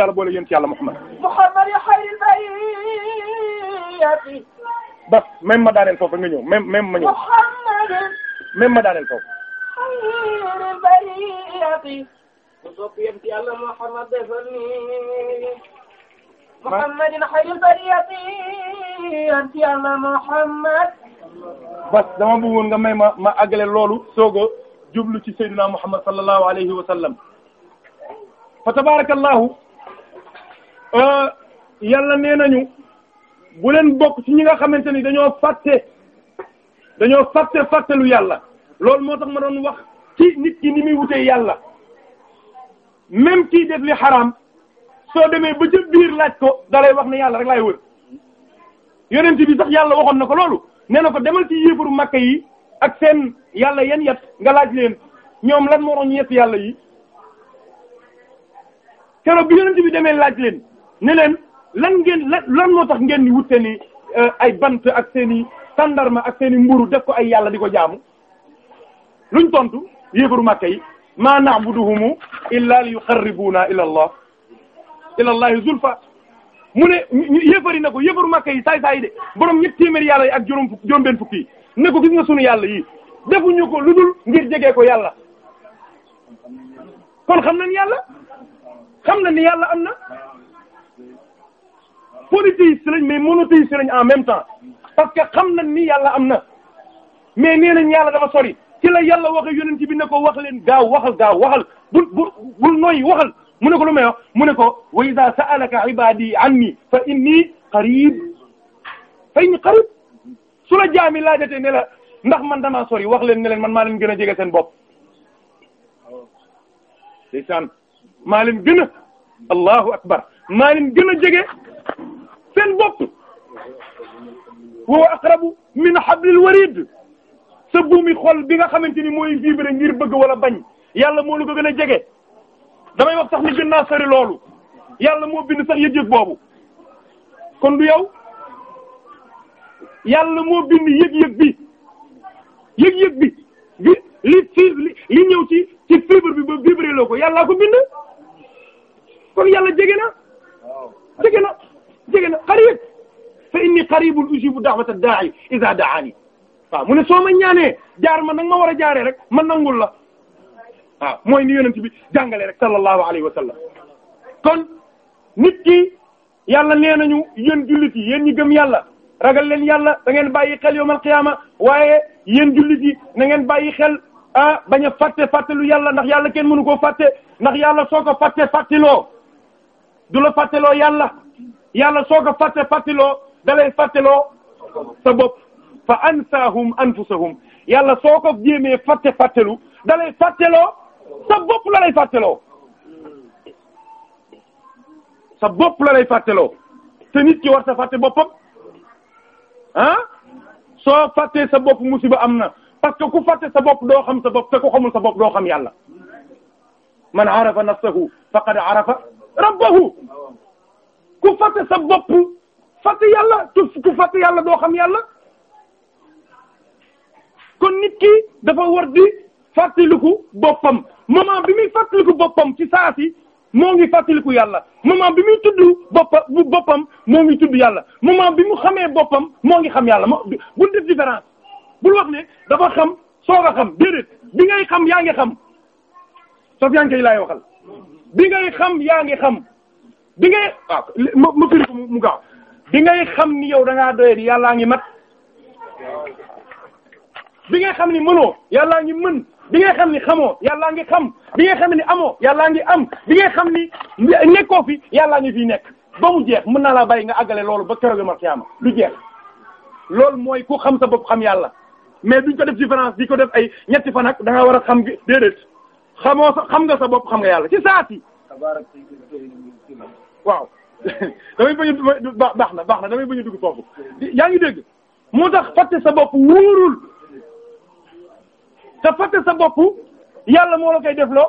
yàlla boole yéen ci yàlla Muhammad bas même ma daaneel foofu nga ñëw même même ma ñëw même ma daaneel foofu ku sopp yent yàlla Muhammad defal ni Muhammad bas dama bëggoon nga may ma ma àggale loolu soog a jublu ci Seydina Muhammad sallallahu alayhi wa sallam fa tabarakallahu euh, yàlla ne nañu bu leen bokk ci ñi nga xamante ni dañoo fàtte dañoo fàtte fàttelu yàlla loolu moo tax ma doon wax ci nit ki ni muy wutee yàlla même kii def li xaraam soo demee ba ca biir laaj ko dalay wax na yàlla rek laay wër yonent bi sax yàlla waxoon na ko loolu nee na ko demal ci yéefaru makka yi ak seen yàlla yan yat nga laaj leen ñoom lan moo roñ yett yàlla yi keroog bi yonent bi demee laaj leen ne leen lan ngeen lan moo tax ngeen di wut seen eh, ay bant ak seeni i tàndarma ak seeni i mburu def ko ay yàlla di ko jaamu luñ tontu yéefaru makka yi ma na'buduhum illa li yuqarribuna ila allah ila allah zulfa mu ne yëfari na ko yëfaru makka yi saay saay de borom ñett téeméeri yàlla yi ak juróom fukk juróom benn yi ne ko gis nga sunu yàlla yi defuñu ko lu dul ngir jege ko yàlla kon xam nañ yàlla xam na ni yàlla am na polythéiste lañ mais monothéiste lañ en même temps parce que xam na ni yàlla am na mais nee nañ yàlla dafa sori ci la yàlla waxe yonent bi ne ko wax leen gaaw waxal gaaw waxal bul bul bul nooyi waxal mu ne ko lu may wax mu ne ko wa iza sa'alaka ibadi anni fa inni qarib fa inni qarib su la jaami laajatee ne la ndax man damaa sori wax leen ne leen man maa leen gën a jege seen bopp ndeysaan maa leen gën a allahu akbar maa leen gën a jege seen bopp wa aqrabu min hablil warid sa buumi xol bi nga xamante ni mooy vibrer ngir bëgg wala bañ yàlla moo lu ko gën a jege damay wax sax ni gën naa sori loolu yàlla moo bind sax yëg-yëg boobu kon du yow yàlla moo bind yëg-yëg bi yëg-yëg bi li fibre li ñëw ci ci bi ba vibrer loo ko yàllaa ko bind kon yàlla jege na jege na jege na xarib fa inni qaribun ujibu da'wata da'i idha da'ani waaw mu soo ma ñaanee jaar ma nag ma war a jaaree rek ma nangul la waaw mooy ni yonent bi jàngale rek sallallahu alayhi wa sallam kon nit ki yàlla nee nañu yéen jullit yi yéen ñi gëm yàlla ragal leen yàlla da ngeen bàyyi xel yawmal qiyaama waaye yéen jullit yi na ngeen bàyyi xel ah bañ a fàtte fàttelu yàlla ndax yàlla kenn mënu koo fàtte ndax yàlla soo ko fàtte fàttiloo du la fàtteloo yàlla yàlla soo ko fàtte fàttiloo da lay fàtteloo sa bopp fa ansaahum anfusahum yàlla soo ko jéemee fàtte fàttelu da lay fàtteloo sa bopp la lay fàtteloo sa bopp la lay fàtteloo te nit ki war sa fàtte boppam ah soo fàttee sa bopp musiba am na parce que ku fàtte sa bopp doo xam sa bopp te ku xamul sa bopp doo xam yàlla man arafa nafsahu faqad arafa rabbahu ku fàtte sa bopp fàtte yàlla tu ku fàtte yàlla doo xam yàlla kon nit ki dafa war di fàttaliku boppam moment bi muy fàttaliku boppam ci saa si moo ngi fàttaliku yàlla moment bi muy tudd boppa boppam moo ngi tudd yàlla moment bi mu xamee boppam moo ngi xam yàlla buñ def différence bul wax ne dafa xam soog a xam déedéet bi ngay xam yaa ngi xam Sofiane kay laay waxal bi ngay xam yaa ngi xam bi ngay waaw ah, ma ma firi ko mu gaaw bi ngay xam ni yow da ngaa doyee ngi mat bi nga xam ni mënoo yàllaa ngi mën bi nga xam ni xamoo yàllaa ngi xam bi nga xam ni amoo yàllaa ngi am bi nga xam ni nekkoo fi yàllaa ngi fii nekk ba mu jeex mën naa laa bari nga àggale loolu ba keroog ma xiyaama lu jeex loolu mooy ku xam sa bopp xam yàlla mais duñ ko def différence di ko def ay ñetti fan ak da war a xam déedéet xamoo sa xam nga sa bopp xam nga yàlla ci saati waaw damay bañ a baax na baax na damay bañ a dugg foofu yaa ngi dégg moo tax fàtte sa bopp te sa bopp yàlla moo la koy defloo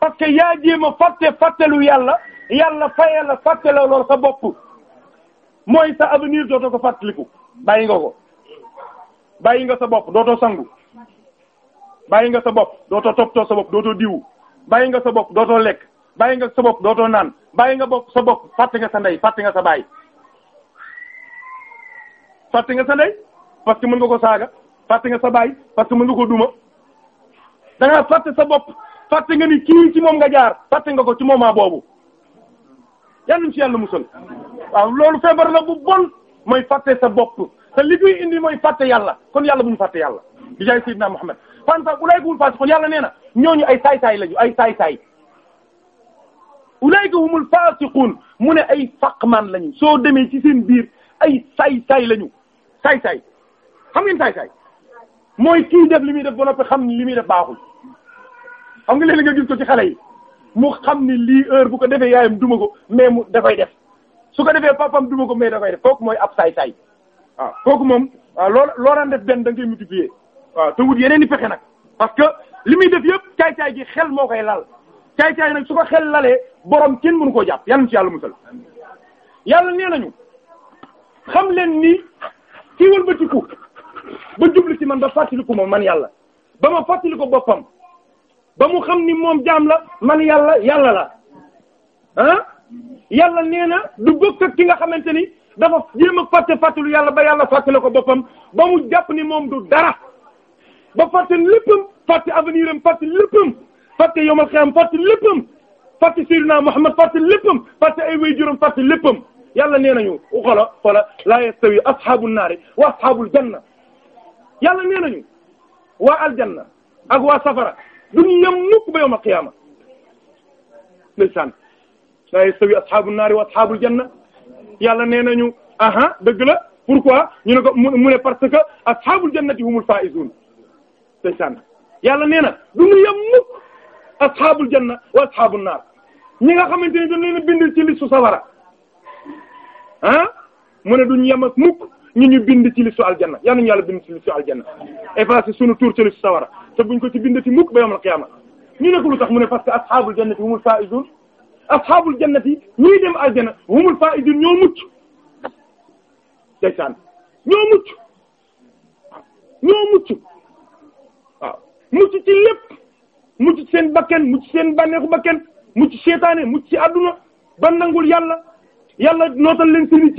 parce que yaa jéem a fàtte fàttelu yàlla yàlla fayal la fàtte la loo sa bopp mooy sa avenir dootoo ko fàttaliku bàyyi nga ko bàyyi nga sa bopp dootoo sangu nga sa bopp dootoo toppatoo sa bopp dootoo diwu bàyyi nga sa bopp dootoo lekk bàyyi nga sa bopp dootoo naan bàyyi nga bopp sa bopp fàtte nga sa ndey fàtte nga sa baay fàtte nga sa ndey parce que mën nga ko saaga fàtte nga sa baay parce que mën ko duma da ngaa fàtte sa bopp fàtte nga ni kii ci moom nga jaar fàtte nga ko ci moment boobu yal nañ ci yàlla musal waaw loolu feebar la bu bon mooy fàtte sa bopp te li indi mooy fàtte yàlla kon yàlla bu ñu fàtte yàlla bi jaay Seydina Muhammad fanta ulayka humul faasiqun yàlla nee na ñooñu ay saay-saay lañu ay saay-saay ulayka humul faasiqun mu ne ay faqman lañu soo demee ci seen biir ay saay-saay lañu saay-saay xam ngeen saay-saay mooy kii def li muy def ba noppi xam ni li muy def baaxul xam nga léeg-léeg nga gis ko ci xale yi mu xam ni lii heure bu ko defee yaayam duma ko mais mu da koy def su ko defee papam duma ko mais da koy def kooku mooy ab saay-saay waaw kooku moom waaw loo loo daan def benn da nga koy multiplier waaw te yeneen i pexe nag parce que li muy def yëpp caay-caay gi xel moo koy lal caay-caay nag su ko xel lalee borom kenn mënu koo jàpp yàlla na ci yàlla musal yàlla nee nañu xam leen ni kii wëlbatiku ba jublu ci man ba fàttaliku ma man yàlla ba ma fàttaliku boppam ba mu xam ni moom jaam la man yàlla yàlla la ah yàlla nee na du bokk ak ki nga xamante ni dafa jéem a fàtte fàttalu yàlla ba yàlla fàttali ko boppam ba mu jàpp ni moom du dara ba fàtte léppam fàtte avenir am fàtte léppam fàtte yomal xiyam fàtte léppam fàtte sayyidina Muhammad fàtte léppam fàtte ay waajuram fàtte léppam yàlla nee nañu xola xola laa yastawi ashaabun naari wa ashaabul janna yàlla nee nañu waa aljanna ak waa safara duñu yem mukk ba yawm alqiyama ndeysaan la yastawi ashaabun naari wa ashaabul janna yàlla nee nañu aha dëgg la pourquoi ñu ne ko mu ne parce que ashaabul jannati humul faizun ndeysaan yàlla nee na duñu yem mukk ashaabul janna wa ashaabun naar ñi nga xamante ni dañ leen a bind ci listu safara ah mu ne duñu yem ak mukk ñu ñu bind ci listu aljanna yal nañu yàlla bind ci listu aljanna effacé sunu tur ci listu sawara te buñ ko ci bind ci mukk ba yawmal qiyaama ñu ne ko lu tax mu ne parce que ashaabul jannati humul faa'izun ashaabul jannati ñuy dem aljanna humul faa'izun ñoo mucc ndeysaan ñoo mucc ñoo mucc waaw mucc ci lépp mucc ci seen bakken mucc seen bànneexu bakken mucc seetaane mucc ci àdduna ba nangul yàlla yàlla leen seeni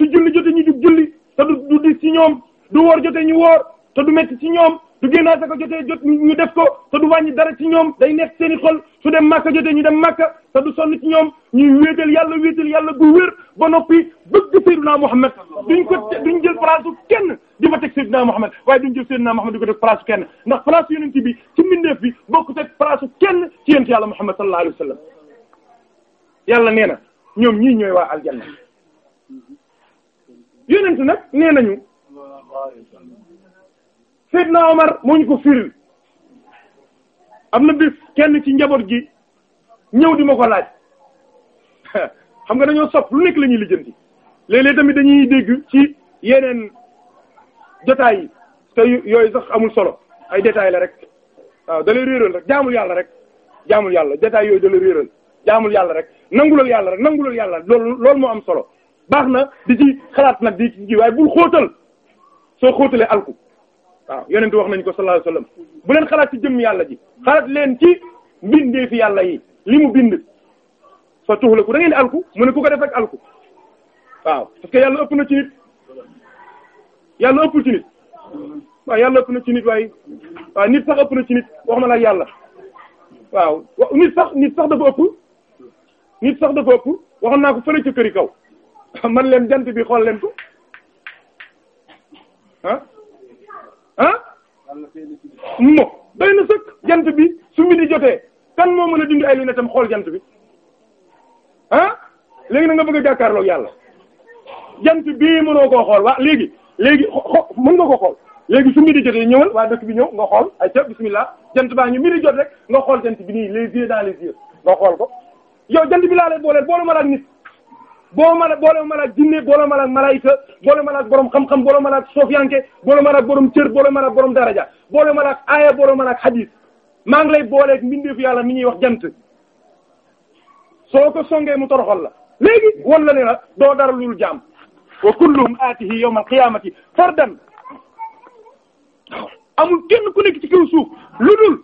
su julli jote ñu jug julli te du du ci ñoom du woor jote ñu woor te du metti ci ñoom du génnaa sa ko jotee jot ñu def ko te du wàññi dara ci ñoom day nekk seen i xol su dem màkka jotee ñu dem màkka te du sonn ci ñoom ñu wéetal yàlla wéetal yàlla ba noppi bëgg Seydina Muhammad duñ ko duñ jël place kenn di fa teg Seydina Muhammad waaye duñ jël Seydina Muhammad di ko teg place su kenn ndax place su yonent bi ci mbindeef bi bokku teg place su kenn ci yàlla Muhammad sallallahu alayhi wa sallam yàlla nee na ñoom ñii ñooy waa aljanna yonent nag nee nañu Seydina Omar moo ñu ko firil am na bis kenn ci njaboot gi ñëw di ma ko laaj xam nga dañoo sopp lu nekk la ñuy lijjanti léeg-léeg tamit dañuy dégg ci yeneen jotaay yi te yooyu sax amul solo ay détails la rek waaw da lay réeral rek jaamul yàlla rek jaamul yàlla détails yooyu da lay réeral jaamul yàlla rek nangulal yàlla rek nangulal yàlla loolu loolu moo am solo baax na di ci xalaat nag di ci waaye bul xóotal soo xóotalee alku waaw yonent wax nañ ko sallallahu alayhi wasallam bu leen xalaat ci jëmm yàlla ji xalaat leen ci mbindee fi yàlla yi li mu bind fa tuxlaku da ngeen di alku mu ne ku ko def rek alku waaw parce que yàlla ëpp na ci nit yàlla ëppul ci nit waaw ëpp na ci nit waaye waaw nit sax ëpp na ci wax ma la yàlla waaw nit sax nit sax dafa ëpp nit sax dafa ëpp waxoon naa ko fële ci këri kaw man leen jant bi xool leen ko ah ah mo doy na sëkk jant bi su midi jotee kan moo mën a dindi ay na am xool jant bi ah léegi na nga bëgg a jàkkaarloog yàlla jant bi mënoo ko xool waa léegi léegi xo mën nga ko xool léegi su midi jotee ñëwal waa dëkk bi ñëw nga xool ay ca bismillah jant baa ñu midi jot rek nga xool jant bi nii les yeux dans les yeux nga xool ko yow jant bi laa lay booleel boole ma ak nit boo mala boole mala ak jinne boole mala ak malayka boole mala ak borom xam-xam boole mala ak sofiyanke boole mala ak borom cër boole mala ak borom daraja boole mala ak aaya boole mala ak hadis maa ngi lay boole booleeg mbindeefu yàlla mi ñuy wax jant soo ko songee mu toroxal la léegi wan la ne la doo dara lul jaam wa kulluhum aatihi yawmal qiyaamati fardan amul kenn ku nekk ci kaw suuf lu dul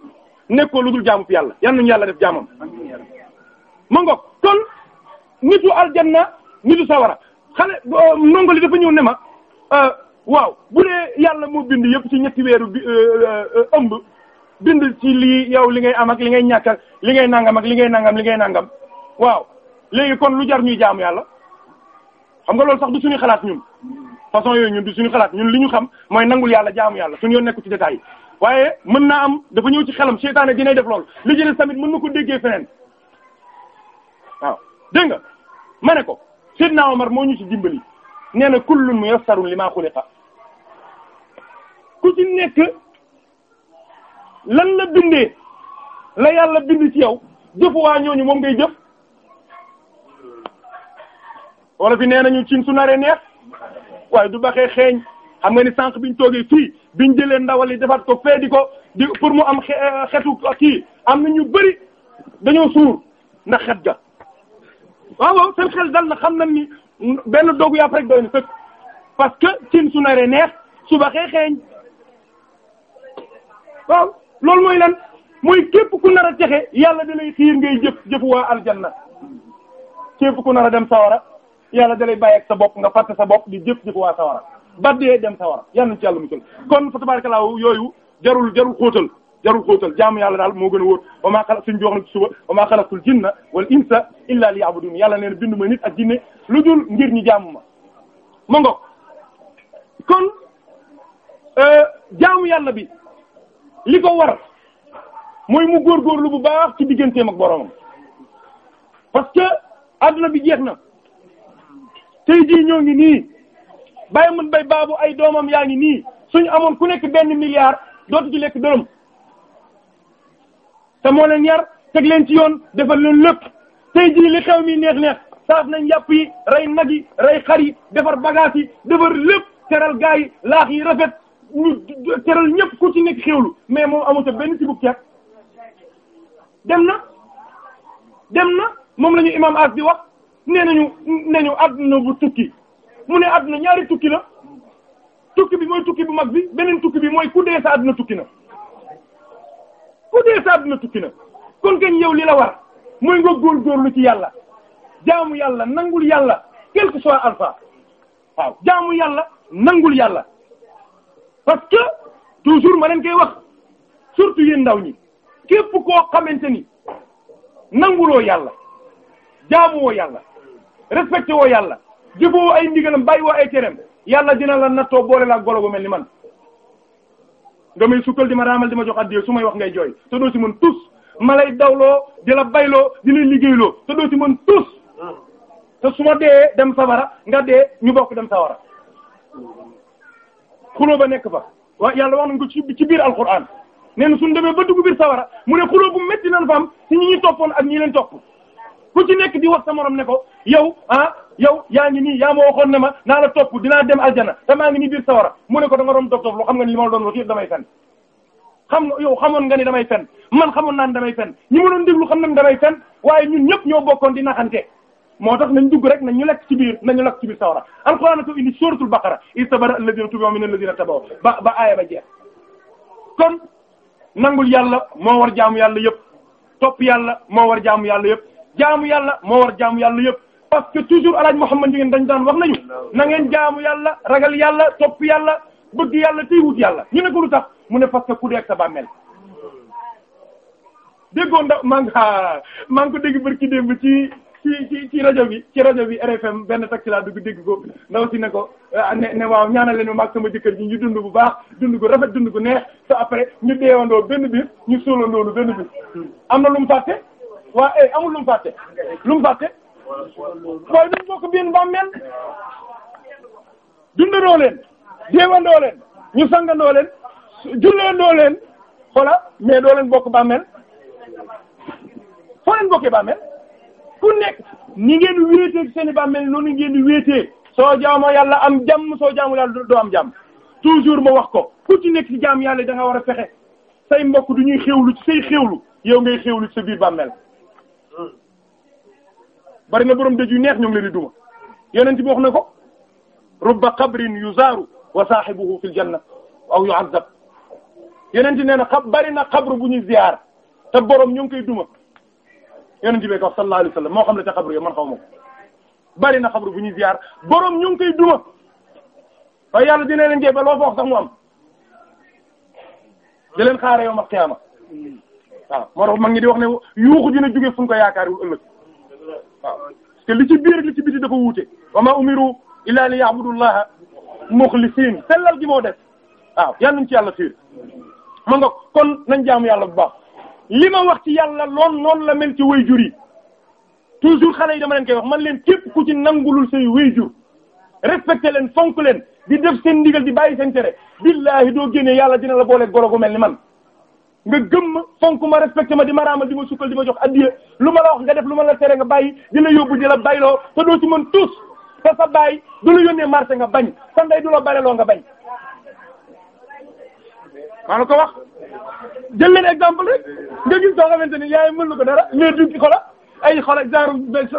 nekkoo lu dul jaamu fi yàlla yal nañu yàlla def jaamam ma nitu sawara xale euh, ndongo li dafa ñëw ne ma euh, waaw bu dee yàlla moo bind yëpp ci ñetti weeru bi euh, ëmb bind ci lii yow li ngay am ak li ngay ñàkk ak li ngay nangam ak li ngay nangam li ngay nangam waaw léegi kon lu jar ñuy jaamu yàlla xam nga loolu sax du suñu xalaat ñun façon yooyu ñun du suñu xalaat ñun li ñu xam mooy nangul yàlla jaamu yàlla suñu yoon nekku ci waaye mën naa am dafa ñëw ci xelam seytaane dinay def loolu li jëlee tamit mën na ko déggee nga ma ne ko Seydina Omar moo ñu ci dimbali nee na kullun muyassarun lima xuliqa ku ci nekk lan la bindee la yàlla bind ci yow jëfu waa ñooñu moom ngay jëf wala fi nee nañu cin su naree neex waaye du baxee xeeñ xam nga ni sànq biñ toogee fii biñ jëlee ndawal yi defaat ko fee ko di pour mu am xetu kii am na ñu bëri dañoo suur ndax xet ga waaw waaw seen xel dal na xam nañ ni benn doogu yàpp rek doy na parce que cin su naree neex suba xee xeeñ waaw loolu mooy lan mooy képp ku nar a texe yàlla dalay xiir ngay jëf jëfu waa aljanna képp ku nar a dem sawara yàlla dalay bàyyi ak sa bopp nga fàtte sa bopp di jëf jëfu waa sawara ba dem sawara yàlla na ci yàlla muccal kon fa yooyu jarul jarul xóotal jarul xóotal jaamu yàlla daal moo gën a wóor wa maa xalaq suñ bi na ci suba wa maa xalaqtul jinna wal insa illa liya'budun yàlla nee bindu ma nit ak jinne lu dul ngir ñu jaamu ma ma kon euh, jaamu yàlla bi li ko war mooy mu góorgóorlu bu baax ci digganteem ak boromam parce que adduna bi jeex na tey jii ñoo ngi nii bàyyi mun bay baabu ay doomam yaa ngi nii suñu amoon ku nekk benn milliard dootu ci lekk dërëm te moo leen yar teg leen ci yoon defal leen lépp tey jii xew mi neex neex saaf nañ yàpp yi rey nag yi rey xar yi defar bagage yi defar lépp teral gaa yi laax yi rafet teral ñëpp ku ci nekk xewlu mais moom amu ta benn ci bu ceeb dem na dem na moom la ñu imaam as di wax nee nañu nee nañu àdduna bu tukki mu ne àdduna ñaari tukki la tukki bi mooy tukki bu mag bi beneen tukki bi mooy ku dee sa àdduna tukki na ku dee sa àdduna tukki na kon kañ yow li la war mooy nga góorgóorlu ci yàlla jaamu yàlla nangul yàlla quel que soit yàlla nangul yàlla parce que toujours ma leen koy wax surtout yéen ndaw ñi képp koo xamante ni nanguloo yàlla jaamuwoo yàlla respecté woo yàlla jëfoo ay ndigalam bàyyi woo ay tereem yàlla dina la nattoo boole la golo gu ni man nga may sukkal di ma raamal di ma jox addiya su may wax ngay jooy te doo ci mën tus ma lay dawloo di la bayloo di lay liggéeyloo te doo ci mën tus te su ma dee dem sawara nga dee ñu bokk dem sawara xuloo ba nekk fa waa yàlla wax na ko ci ci biir alquran nee na suñu demee ba dugg biir sawara mu ne xuloo bu métti nan fa am ci ñi toppoon ak ñi leen topp ku ci nekk di wax sa morom ne ko yow ah, yow yaa ngi nii yaa ma waxoon ne ma naa la topp dinaa dem aljana te maa ngi nii biir sawara mu ne ko da nga doon dof-dof lu xam nga ni li ma la doon damay fen xam nga yow xamoon nga ni damay fen man xamoon naa ni damay fen ñi ma doon déglu xam nañ damay fen waaye ñun ñëpp ñoo bokkoon di naxante moo tax nañ dugg rek nañ ñu lekk ci biir nañu lekk ci biir sawara alquran ko indi suratul baqara istabara alladhina tubi'u min alladhina tabaw ba ba aaya ba jeex kon nangul yàlla moo war jaamu yàlla yëpp topp yàlla moo war jaamu yàlla yëpp jaamu yàlla moo war jaamu yàlla yëpp parce que toujours alaaj Muhammad ñu ngeen dañ daan wax nañu na ngeen jaamu yàlla ragal yàlla topp yàlla bëgg yàlla tey wut yàlla ñu ne ko lu tax mu ne parce que ku dee ak sa bàmmeel déggoo ndax maa ngi maa ngi ko dégg barki démb ci ci ci ci rajo bi ci rajo bi RFM benn taxi laa dugg dégg ko ndaw si ne ko ah, ne ne waaw ñaanal leen ak sama jëkkër ji ñu dund bu baax dund ko rafet dund ko neex te après ñu deewandoo benn biir ñu sóolandoo benn waa eh amul lu mu fàtte lu mu fàtte mooy duñ bokk biin bàmmeel dundandoo leen ñu sangandoo leen julleendoo mais dooleen bokk bàmmeel foo leen bokkee bàmmeel ku nekk ni ngeen wéeteeg seen i bàmmeel noonu ngeen di wéetee soo jaamoo yàlla am jàmm soo jaamu yàlla doo am jàmm toujours ma wax ko ku ci nekk jaam yàlla da nga war a fexe say mbokk du ñuy xéwlu ci say xéwlu yow ngay xéwlu ci sa biir bàmmeel bari na borom dëj yu neex ñoom la di duma yonent bi wax na ko rubba qabrin yuzaaru wa saahibuhu fil janna aw yu'azzab yonent nee na xab bari na xabru bu ñu ziyaar te borom ñoo ngi koy duma yonent bi ko sallallahu alayhi wasallam moo xam ne ca xabru yo man xaw ma ko bari na xabru bu ñu ziyaar borom ñoo ngi koy duma waaye yàlla dina leen jee ba loo wax sax mu am di leen xaare yow ma waaw moo tax mag ñi di wax ne yuuxu dina jóge fu ñu ko yaakaarul ëllëg waaw te li ci biir ak li ci biti dafa wuute wa ma umiru illa li ya'budullaha mukhlisin sellal gi moo def waaw yàlla nañ ci yàlla fiir ma nga kon nañ jaamu yàlla bu baax li ma wax ci yàlla lool noonu la mel ci wayjur yi toujours xale yi dama leen koy wax man leen képp ku ci nangulul say wayjur respecté leen fonk leen di def seen ndigal di bàyyi seen tere billahi doo génnee yàlla dina la booleeg goro gu mel ni man nga gëm ma fonk ma respecté ma di ma raamal di ma sukkal di ma jox addiya lu ma la wax nga def lu ma la tere nga bàyyi di la yóbbu di la bayloo te doo ci man tous te sa baay du la yónnee marché nga bañ sa ndey du la loo nga bañ maa la ko wax jël leen exemple rek nga gis soo xamante ni yaay mën lu ko dara mais du ci xola ay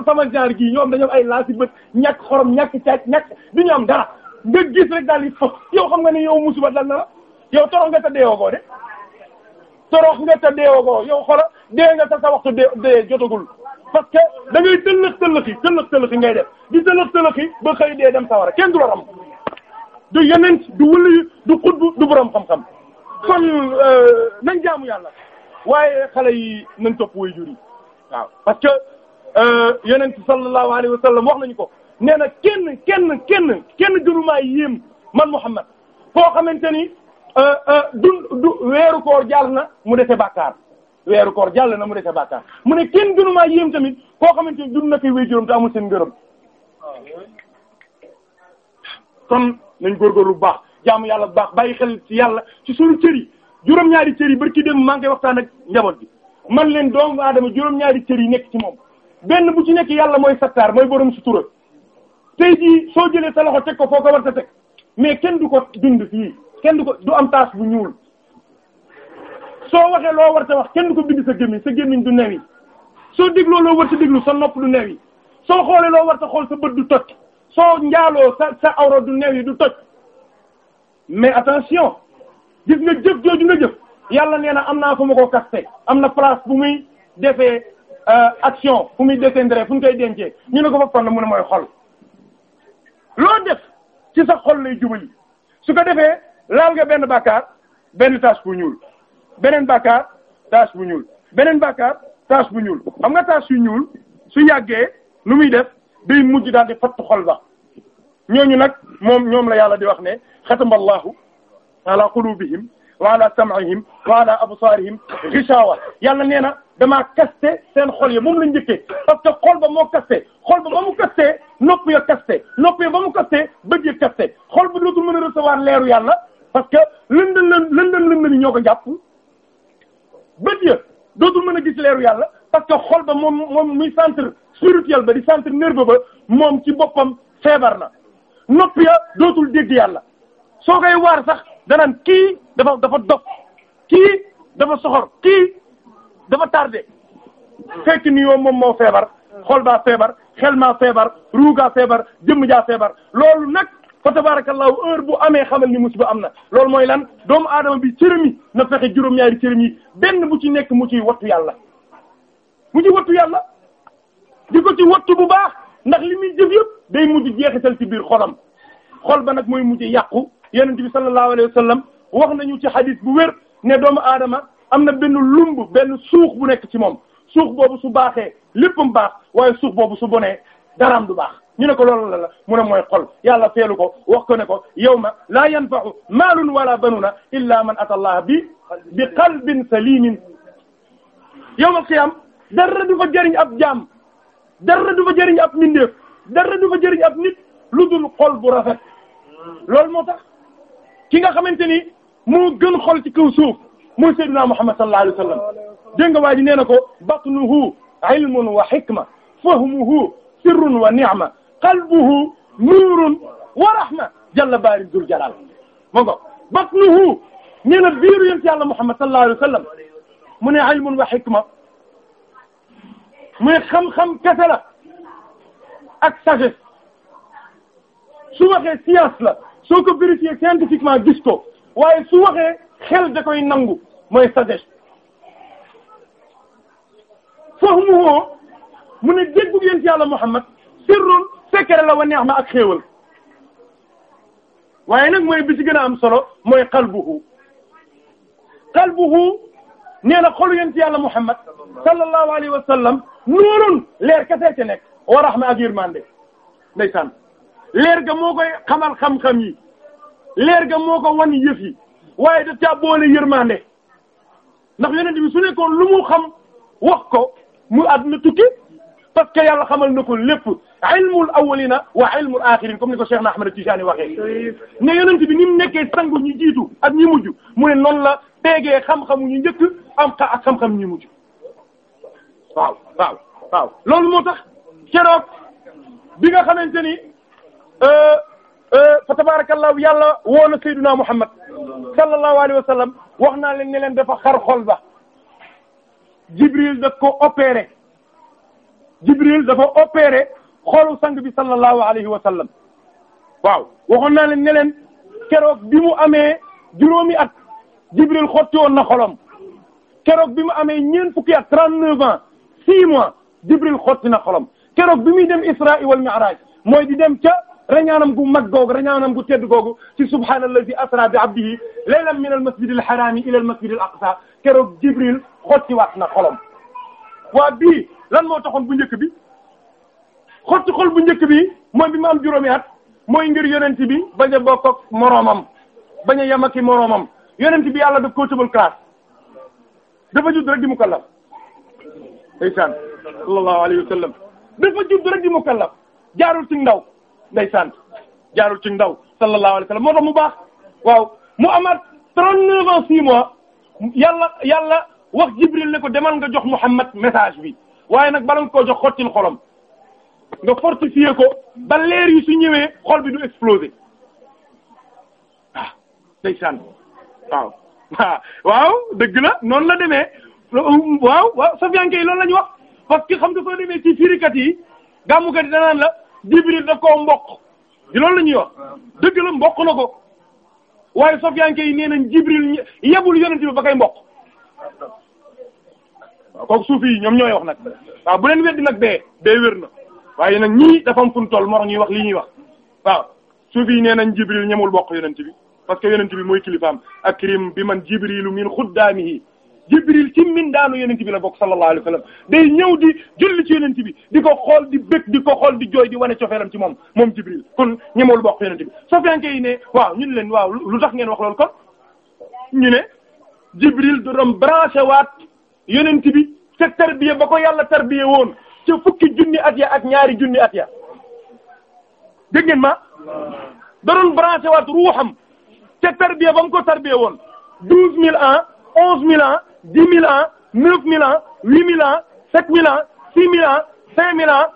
sama genre gii ñoom dañoo ay laa si bët ñàkk xorom ñàkk caac ñàkk du ñu am dara nga gis rek daal di fo yow xam nga ni yow musiba dal na la yow torox nga ta deewoo ko torox nga ta deewagoo yow xola dee nga ta sa waxtu dee dee jotagul parce que da ngay tëllëx tëllëxi tëllëx tëllëxi ngay def di tëllëx tëllëxi ba xëy dee dem sawara kenn du la ram du yeneen du wëli du xutb du borom xam-xam kon euh, nañ jaamu yàlla waaye xale yi nañ topp way jur waaw parce que euh, yeneen sallallahu alayhi wa sallam wax nañu ko nee na kenn kenn kenn kenn gënumaa yéem man Muhammad koo xamante ni Euh, euh, dund du weeru koor jàll na mu dese bàkkaar weeru koor jàll na mu dese bàkkaar mu ne kenn gënumaa yéem tamit koo xamante ni dund na koy wéy juróom te amul seen gërëm kon nañ góorgóorlu bu baax jaamu yàlla bu baax bàyyi xel ci yàlla ci suñu cër yi juróom-ñaari cër yi barki dem maa ngi koy waxtaan ak njaboot bi man leen doomu aadama juróom-ñaari cër yi nekk ci moom benn bu ci nekk yàlla mooy sattaar mooy borom sutura tey jii soo jëlee sa loxo teg ko foo ko war kenn du ko dund kenn du ko du am tache bu ñuul soo waxee loo war sa wax kenn du ko bind sa gémmiñ sa gémmiñ du newi soo dégloo loo war sa déglu sa nopp du newi soo xoolee loo war sa xool sa bët du toj soo njaaloo sa sa awra du newi du toj mais attention gis nga jëf jooju nga jëf yàlla nee na am naa fu ma ko kaste am na place bu muy defee euh, action fu muy descendre fu ñu koy dencee ñu ne ko fa fan mu ne mooy xol loo def ci sa xol lay jubali su ko defee laal nga benn bàkkaar benn tache bu ñuul beneen bàkkaar tache bu ñuul beneen bàkkaar tache bu ñuul xam nga tache yu ñuul su yàggee lu muy def day mujj daal di fattu xol ba ñooñu nag moom ñoom la yàlla di wax ne xatama allahu ala qulubihim wa ala sam'ihim wa ala absaarihim ghishawa yàlla nee na damaa kaste seen xol ya moom la njëkkee parce que xol ba moo kaste xol ba ba mu kastee nopp ya kaste nopp ya ba mu kastee bët ya kaste xol ba dootul mën a recevoir leeru yàlla parce que lëndëm lën lëndëm lëndëm yi ñoo ko jàpp bët ya dootul mën a gis leeru yàlla parce que xool ba moom moom muy centre spirituel ba di centre nerveux ba moom ci boppam feebar na nopp ya dootul dégg yàlla soo koy waar sax danaan kii dafa dafa dof kii dafa soxor kii dafa tardé fekk ni yow moom moo feebar xol baa feebar xel maa feebar ruugaa feebar jëmm jaa feebar loolu nag fa tabarakallahu heure bu amee xamal ni musiba am na loolu mooy lan doomu aadama bi cërëm yi na fexe juróom-ñaari cërëm yi benn bu ci nekk mu ci wattu yàlla mu ci wattu yàlla di ko ci wattu bu baax ndax li muy jëf yëpp day mujj jeexital ci biir xolam xol ba nag mooy mujj yàqu yenente bi sallallahu alayhi wa sallam wax nañu ci hadith bu wér ne doomu aadama am na benn lumb benn suux bu nekk ci moom suux boobu su baaxee léppam baax waaye suux boobu su bonee daraam du baax ñu ne ko loolu la la mu ne mooy xol yàlla feelu ko wax ko ne ko yawma laa yanfa'u maalun wala banuna illa man ata allah bi bi qalbin salimin yawmal qiyam dara du fa jëriñ ab jaam dara du fa jëriñ ab mindeef dara du fa jëriñ ab nit lu dul xol bu rafet loolu moo tax ki nga xamante ni moo gën xol ci kaw suuf mooy sayyidina Muhammad sallallahu alayhi wasallam dégg nga waa ji nee na ko batnuhu ilmun wa hikma fahmuhu sirrun wa ni'ma qalbuhu nuurun wa rahma jalla baari dul jalal ma ngo batnuhu nee na biiru yent yàlla Muhammad sallallahu alayhi wa sallam mu ne ilmun wa hikma mu ne xam-xam kese la ak sagesse su waxee science la soo ko vérifier scientifiquement gis ko waaye su waxee xel da koy nangu mooy sagesse fahmuhu mu ne déggu yent yàlla Muhammad sirrun secret la wa neex na ak xéewal waaye nag mooy bi ci am solo mooy qalbuhu qalbuhu nee na xolu yent yàlla Muhammad sallallahu alayhi wa sallam noorun leer kese ci nekk wa ak yërmande ndeysaan leer ga moo koy xamal xam-xam yi leer ga moo ko wan yëf yi waaye daf caa boole yërmande ndax yonent bi su nekkoon lu mu xam wax ko mu àdduna tukki parce yàlla xamal na ko lépp ilmul awwalina wa ilmul axirin comme ni ko Cheikh na Ahmed Tijani waxee ne yonent bi ni mu nekkee sangu ñu jiitu ak ñi mujj mu ne noonu la teegee xam-xamu ñu njëkk am xa ak xam-xam ñu mujj waaw waaw waaw loolu moo tax keroog bi nga xamante ni euh, euh, fa tabarakallahu yàlla woo na Seydina Muhammad sallallahu alayhi wa sallam wax naa leen ne leen dafa xar xol ba Jibril daf ko opéré Jibril dafa opéré xool sang bi sallallahu alayhi wa sallam waaw waxoon naa leen ne keroog bi mu amee juróomi at Jibril xotti woon na xolom keroog bi mu amee ñeent fukki at trente neuf ans six mois Jibril xotti na xolom keroog bi muy dem Isra wal Mi'raj mooy di dem ca nam gu mag googu rañaanam gu tedd googu ci subhaanallazi asra bi abdihi laylan min al masjid al haram ila al masjid al aqsa keroog Jibril xotti waat na xolom waa bii lan moo taxoon bu njëkk bi xottu xol bu njëkk bi mooy bi mu am juróomi at mooy ngir yonent bi bañ a bokk ak moroomam bañ a yem ak moroomam yonent bi yàlla daf koo tëbal classe dafa judd rek di mukallaf ndeysaan sallallahu alayhi wa sallam dafa judd rek mukallaf jaarul ci ndaw ndeysaan jaarul ci ndaw sallallahu alayhi wa moo tax mu baax waaw mu amaat trente-neuf ans six mois wax Jibril ne ko demal nga jox Muhammad message bi waaye nag bala nga koo jox xottil xolom nga fortifier ko ba leer yi su ñëwee xol bi du exploser ah, waaw waaw dëgg la noonu la demee waaw waaw Sofiane kay loolu la ñu wax parce que xam nga soo demee ci firikat yi gàmmukat yi danaan la Jibril da koo mboq di loolu la ñuy wax dëgg la mboq na ko waaye Sofiane yi nee nañ Jibril yebul yonent bi ba koy mboq waaw kooku suufi yi ñoom ñooy wax nag waaw bu leen weddi nag bee bee wér na. waaye nag ñii dafa am fun toll moo tax ñuy wax li ñuy wax waaw suuf yi nee nañ jibril ñemul bokk yonent bi parce que yonent bi mooy kilifaam akrim bi man jibrilu min xuddaamihi jibril ci min daanu yonent bi la bokk sallallahu alayhi wa sallam day ñëw di julli ci yonent bi di ko xool di bëgg di ko xool di jooy di wane cofeelam ci moom moom jibril kon ñemul bokk yonent bi sofianke yi ne waaw ñun leen waaw lu tax ngeen wax loolu ñu ne jibril doon branché waat yonent bi sa tarbiya ba ko yàlla tarbiya woon ca fukki junni at ya ak ñaari junni at ya dégg ngeen ma da doon branché waat ruuxam ca tarbiya ba mu ko tarbiya woon douze mille ans onze mille ans dix mille ans neuf mille ans huit mille ans sept mille ans six mille ans cinq mille ans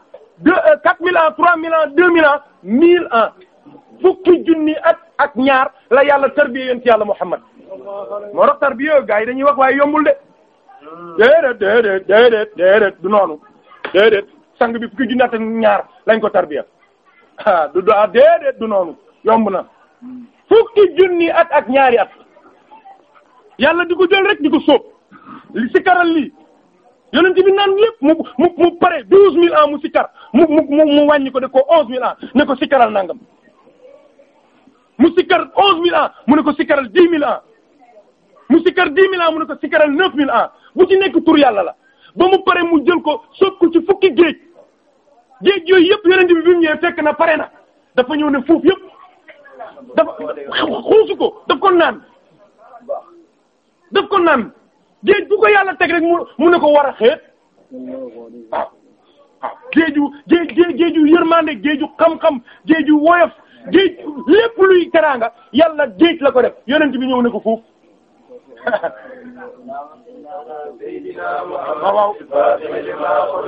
deux quatre mille ans trois mille ans deux mille ans mille ans fukki junni at ak ñaar la yàlla tarbiya yonent yàlla Muhammad moo tarbiya yooyu gars dañuy wax waaye yombul de déedéet déedéet déedéet déedéet du noonu déedéet sang bi fukki junne ak ñaar lañ ko tarbiya ah, ah du noonu yomb na fukki junni at ak ñaari at yàlla di ko jël rek di ko sóob li sikaral lii yonent bi naan lépp mu mu pare douze mille ans mu sikar mu mu mu wàññi ko de ko onze mille ans ne ko sikaral nangam mu sikar onze mille ans mu ne ko sikaral dix mille ans mu sikar dix mille ans mu ne ko sikaral neuf mille ans bu ci nekk tur yàlla la ba mu pare mu jël ko soog ko ci fukki géej géej yooyu yëpp yonent bi bi mu fekk na pare na dafa ñëw ne fuuf yëpp dafa xuusu ko daf ko naan daf ko naan géej bu ko yàlla teg rek mu mu ne ko war a xeet waaw ah, ah, waaw géeju géej géeju yërmande géeju xam-xam géeju woyof géej lépp luy teraanga yàlla géej la ko def yonent bi ñëw ne ko fuuf waaw waaw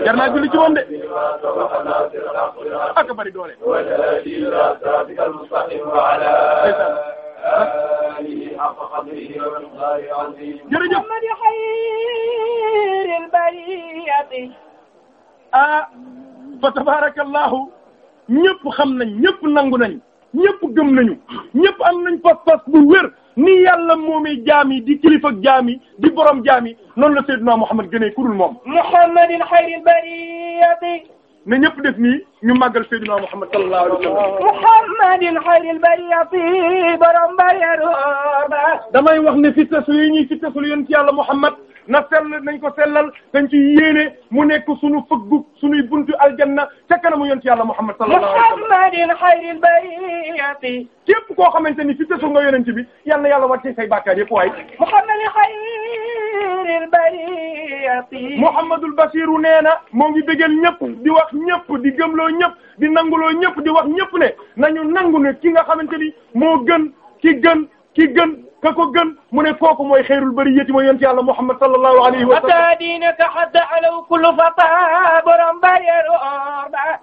jar naa julli ci moom de ak bari doole jërëjëf ah fa tabarakallahu ñëpp xam nañ ñëpp nangu nañ ñëpp gëm nañu ñëpp am nañ pas-pas bu wér ni yàlla moomee jaam yi di kilifa jaam yi di borom jaam yi noonu la Seydina Muhammad gënee ku dul moom. Muhammadin xayril bariyati. na ñëpp def nii ñu màggal Seydina Muhammad sallallahu alayhi wa sallam. Muhammadin xayril bariyati borom bariyaru. damay wax ne fi tasul yi ñuy fi tasul yéen ci yàlla Muhammad na sell nañ ko sellal dañ ci yéene mu nekk sunu fëggu sunuy buntu aljanna kanamu yonent yàlla Muhammad sallallahu alayhi wa sallam xayril bariyati képp koo xamante ni fi tësu nga yonent bi yal na yàlla wàcce say bàkkaar yëpp waay Muhammadin xayril bariyati Muhammadul Basiru nee na moo ngi bëggal ñëpp di wax ñëpp di gëmloo ñëpp di nanguloo ñëpp di wax ñëpp ne nañu nangu ne ki nga xamante ni moo gën ki gën ki gën ka ko gën mu ne kooku mooy xayrul bariyati mooy yonent yàlla Muhammad sallallahu alayhi wa sallam ata diinaka hadda alaw kullu fata borom barierba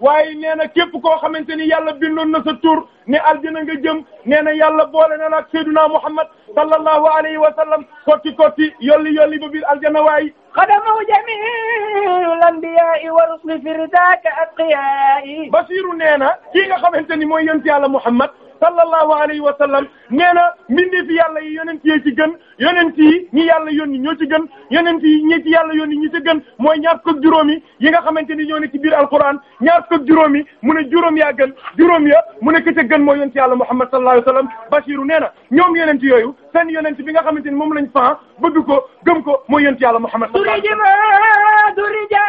waaye nee na képp koo xamante ni yàlla bindoon na sa tur ne aljana nga jëm nee na yàlla boole na la ak sayyiduna Muhammad sallallahu alayhi wa sallam kotti kotti yolli yolli ba biir aljana waay xadamahu jamiul anbiya'i wa rusuli fi ridaka atqiya'i basiru nee na kii nga xamante ni mooy yonent yàlla Muhammad sallallahu alayhi wa sallam nee na mbindee fi yàlla yi yonent yi ci gën yonent yi ñi yàlla yónni ñoo ci gën yonent yi ñi ci yàlla yónni ñi ci gën mooy ñaar fukk juróomi yi nga xamante ni ñoo ci biir alquran ñaar fukk juróomi mu ne juróom yaa gën juróom ya mu ne këca gën mooy yonent yàlla Muhammad sallallahu alayhi wa sallam Bashiru nee na ñoom yonent yooyu seen yonent bi nga xamante ni moom lañ fan bëgg ko gëm ko mooy yonent yàlla Muhammad durija durija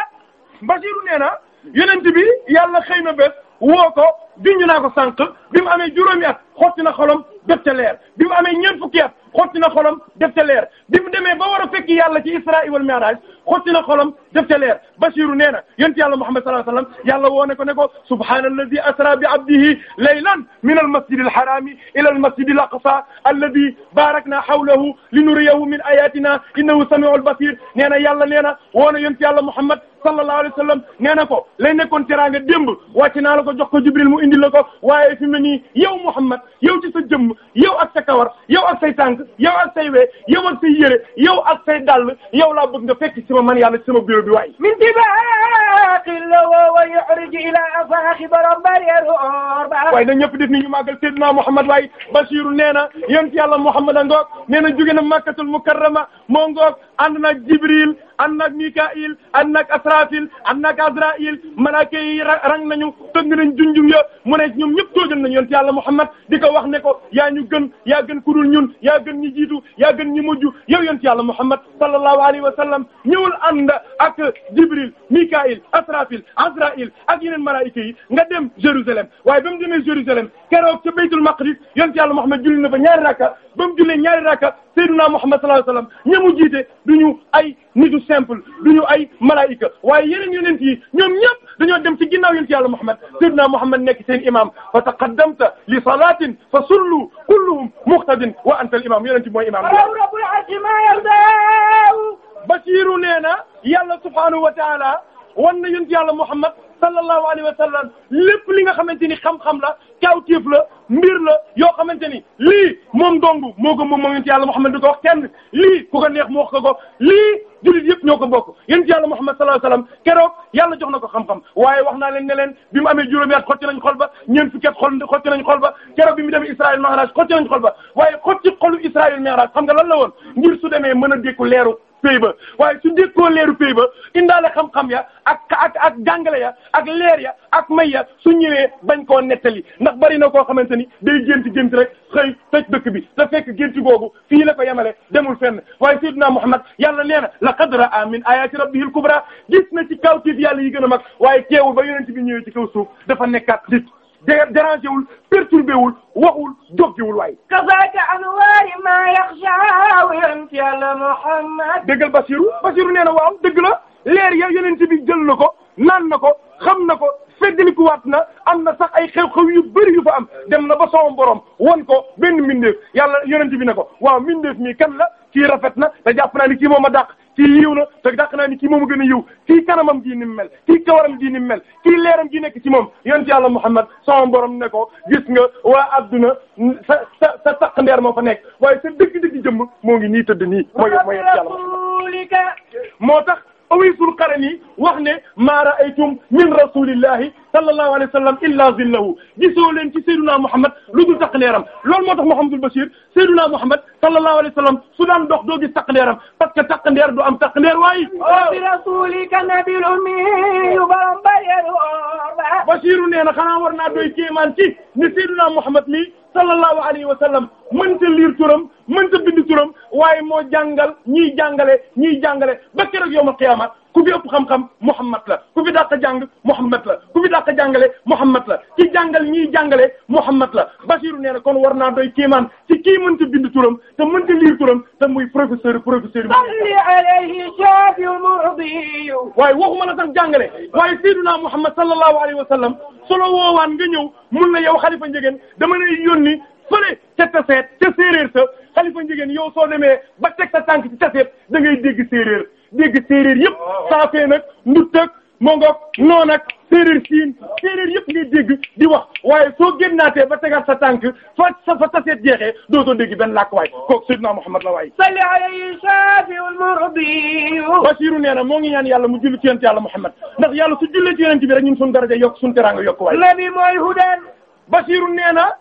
Bashiru nee na yonent bi yàlla xëy na bés woo ko junj naa ko sànq bi mu amee juróomi at xotti na xolam def ca leer bi mu amee ñeent fukki at xotti na xolam def ca leer bi mu demee ba war a fekki yàlla ci isra wal mi'raj xotti na xolam def ca leer Basiru nee na yonent yàlla Muhammad sallallahu alayhi wasallam yàlla woo ne ko ne ko subhaanallazi asra bi abdihi laylan min almasjidi alharami ila almasjidi alaqsa alladi barakna hawlahu linuriyahu min ayatina innahu samiul basir nee na yàlla nee na woo na yonent yàlla Muhammad sallallahu alayhi wa sallam nee na ko lay nekkoon teraanga démb wàcc naa la ko jox ko jibril mu indi la ko waaye fi mu ne nii yow Muhammad yow ci sa jëmm yow ak sa kawar yow ak say tànk yow ak say wee yow ak say yére yow ak say dàll yow laa bëgg nga fekk ci ma man yàlla ci sama bureau bi waay min tibaaqi lawo wa yuhriji ila afaaxi borom barieru orba waaye na ñëpp def ni ñu màggal Seydina Muhammad waaye Basiru nee na yonent yàlla Muhammad a ngoog nee na jóge na Makkatul Mukarrama moo ngoog ànd na Jibril annak Mikail annak Asrafil annak Azrail malaaka yi rang nañu tëgg nañ junjum ya mu ne ñoom ñëpp tóojal nañ yonent yàlla Muhammad di ko wax ne ko yaa ñu gën yaa gën ku ñun yaa gën ñu jiitu ya gën ñi mujj yow yonent yàlla Muhammad sallallahu alayhi wa sallam ñëwul ànd ak Jibril Mikail Asrafil Azrail ak yeneen malaaka yi nga dem Jérusalem waaye ba mu demee Jérusalem keroog ca Baytul Maqdis yonent yàlla Muhammad julli na fa ñaari rakka ba mu jullee ñaari rakka Seydina Muhammad sallallahu alayhi wasallam ñi mu jiite duñu ay nitu simple duñu ay malaayika waaye yeneen yonent yi ñoom ñëpp dañoo dem ci ginnaaw yonent yàlla Muhammad Seydina Muhammad nekk seen imam fa taqaddamta li salatin fa sullu kulluhum muqtadin wa anta al imam yonent mooy imam Basiru nee na yàlla subhanahu wa taala wan na yonent yàlla Muhammad sallallahu alayhi wa sallam lépp li nga xamante ni xam-xam la cawtiif la mbir la yoo xamante ni lii moom dong moo ko moom moom yonent yàlla Muhammad di ko wax ko neex mu wax ko ko lii jullit yëpp ñoo ko bokk yonent yàlla Muhammad sallallahu alayhi wasallam keroog yàlla jox na ko xam-xam waaye wax naa leen ne leen bi mu amee juróomi at xotti nañ xol ba ñeent fukki at xol xotti nañ xol ba keroog bi mu demee Israël Mi'raj xotti nañ xol ba waaye xotti xolu Israël Mi'raj xam nga lan la woon ngir su demee mën a dékku leeru pay ba waaye su dékkoo leeru pay ba indaale xam ya ak ak ak jàngale ya ak leer ya ak may su ñëwee bañ koo nettali ndax bari na koo xamante ni day gént gént rek xëy tëj dëkk bi te fekk gént googu fii la ko yemale demul fenn waaye sayyidina Muhammad yàlla nee na laqad a min ayati rabbihil kubra gis na ci kawtif yàlla yi gën a mag waaye teewul ba yonent bi ñëwee ci kaw suuf dafa nekkaat nit dérangé wul perturbé wul waxul joggiwul waaye. kazaaka anwaari maa yaxshaa yonent yàlla Muhammad. dëggal Basiru Basiru nee na waaw dëgg la leer ya yonent bi jël na ko naan na ko xam na ko feddlikuwaat na am na sax ay xew-xew yu bëri yu fa am dem na ba sama borom won ko benn mbindeef yàlla yonent bi ne ko waaw mbindeef mi kan la kii rafet na te jàpp naa ni kii moom a dàq kii yiw na te dàq naa ni kii moom a gën a yiw kii kanamam gii ni mu mel kii kawaram gii ni mu mel kii leeram gi nekk ci moom yonent yàlla Muhammad sama borom ne ko gis nga waa adduna sa sa sa taq ndeer moo fa nekk waaye sa dëgg-dëgg jëmm moo ngi nii tëdd nii mooy mooy yonent yàlla moo tax awisul qarani wax ne ma ra'aytum min rasulillahi sallallahu alayhi wa sallam illa zillahu gisoo leen ci Seydouna Mouhamed lu dul taq leeram loolu moo tax Mouhamadul Bachir Seydouna Mouhamed sallallahu alayhi wa sallam su daan dox doo gis taq leeram parce que taq leer du am taq leer waaye. bi rasulika nabil ummi yu baram bayeru Bachiru nee na xanaa war naa doy kéemaan ci ni Seydouna Mouhamed mi sallallahu alayhi wa sallam mënta liir turam mënta bind turam waaye moo jàngal ñiy jàngale ñiy jàngale ba keroog yawmal qiyaama ku fi ëpp xam-xam Muhammad la ku fi dàq jàng Muhammad la ku fi dàq jàngale Muhammad la ci jàngal ñiy jàngale Muhammad la Basiru nee na kon war naa doy kéemaan ci kii mënta bind turam te mënta liir turam te muy professeur professeur salli alayhi jaabi murdi waaye waxuma la sax jàngale waaye sayyiduna Muhammad sallallahu alayhi wa sallam solo woowaan nga ñëw mun na yow xalifa njegeen dama lay yónni fële ca taseet ca séeréer sa xalifa njegeen yow soo demee ba teg sa tànk ci taseet da ngay dégg séeréer yëpp oh, oh. saafee nag nduttak mongoog noon ak séeréer siin séeréer yëpp ngay dégg di wax waaye soo génnaatee ba tegaat sa tànk fa sa fa taseet jeexee dootoo dégg benn làkk waay kooku Seydina Muhammad la waay salli alayhi shafiul murdi Basiru nee moo ngi ñaan yàlla mu julli ci yonent yàlla Muhammad ndax yàlla su jullee ci yonent bi rek ñun suñu daraja yokk suñu teraanga yokk waay nabi mooy hudan Basiru nee na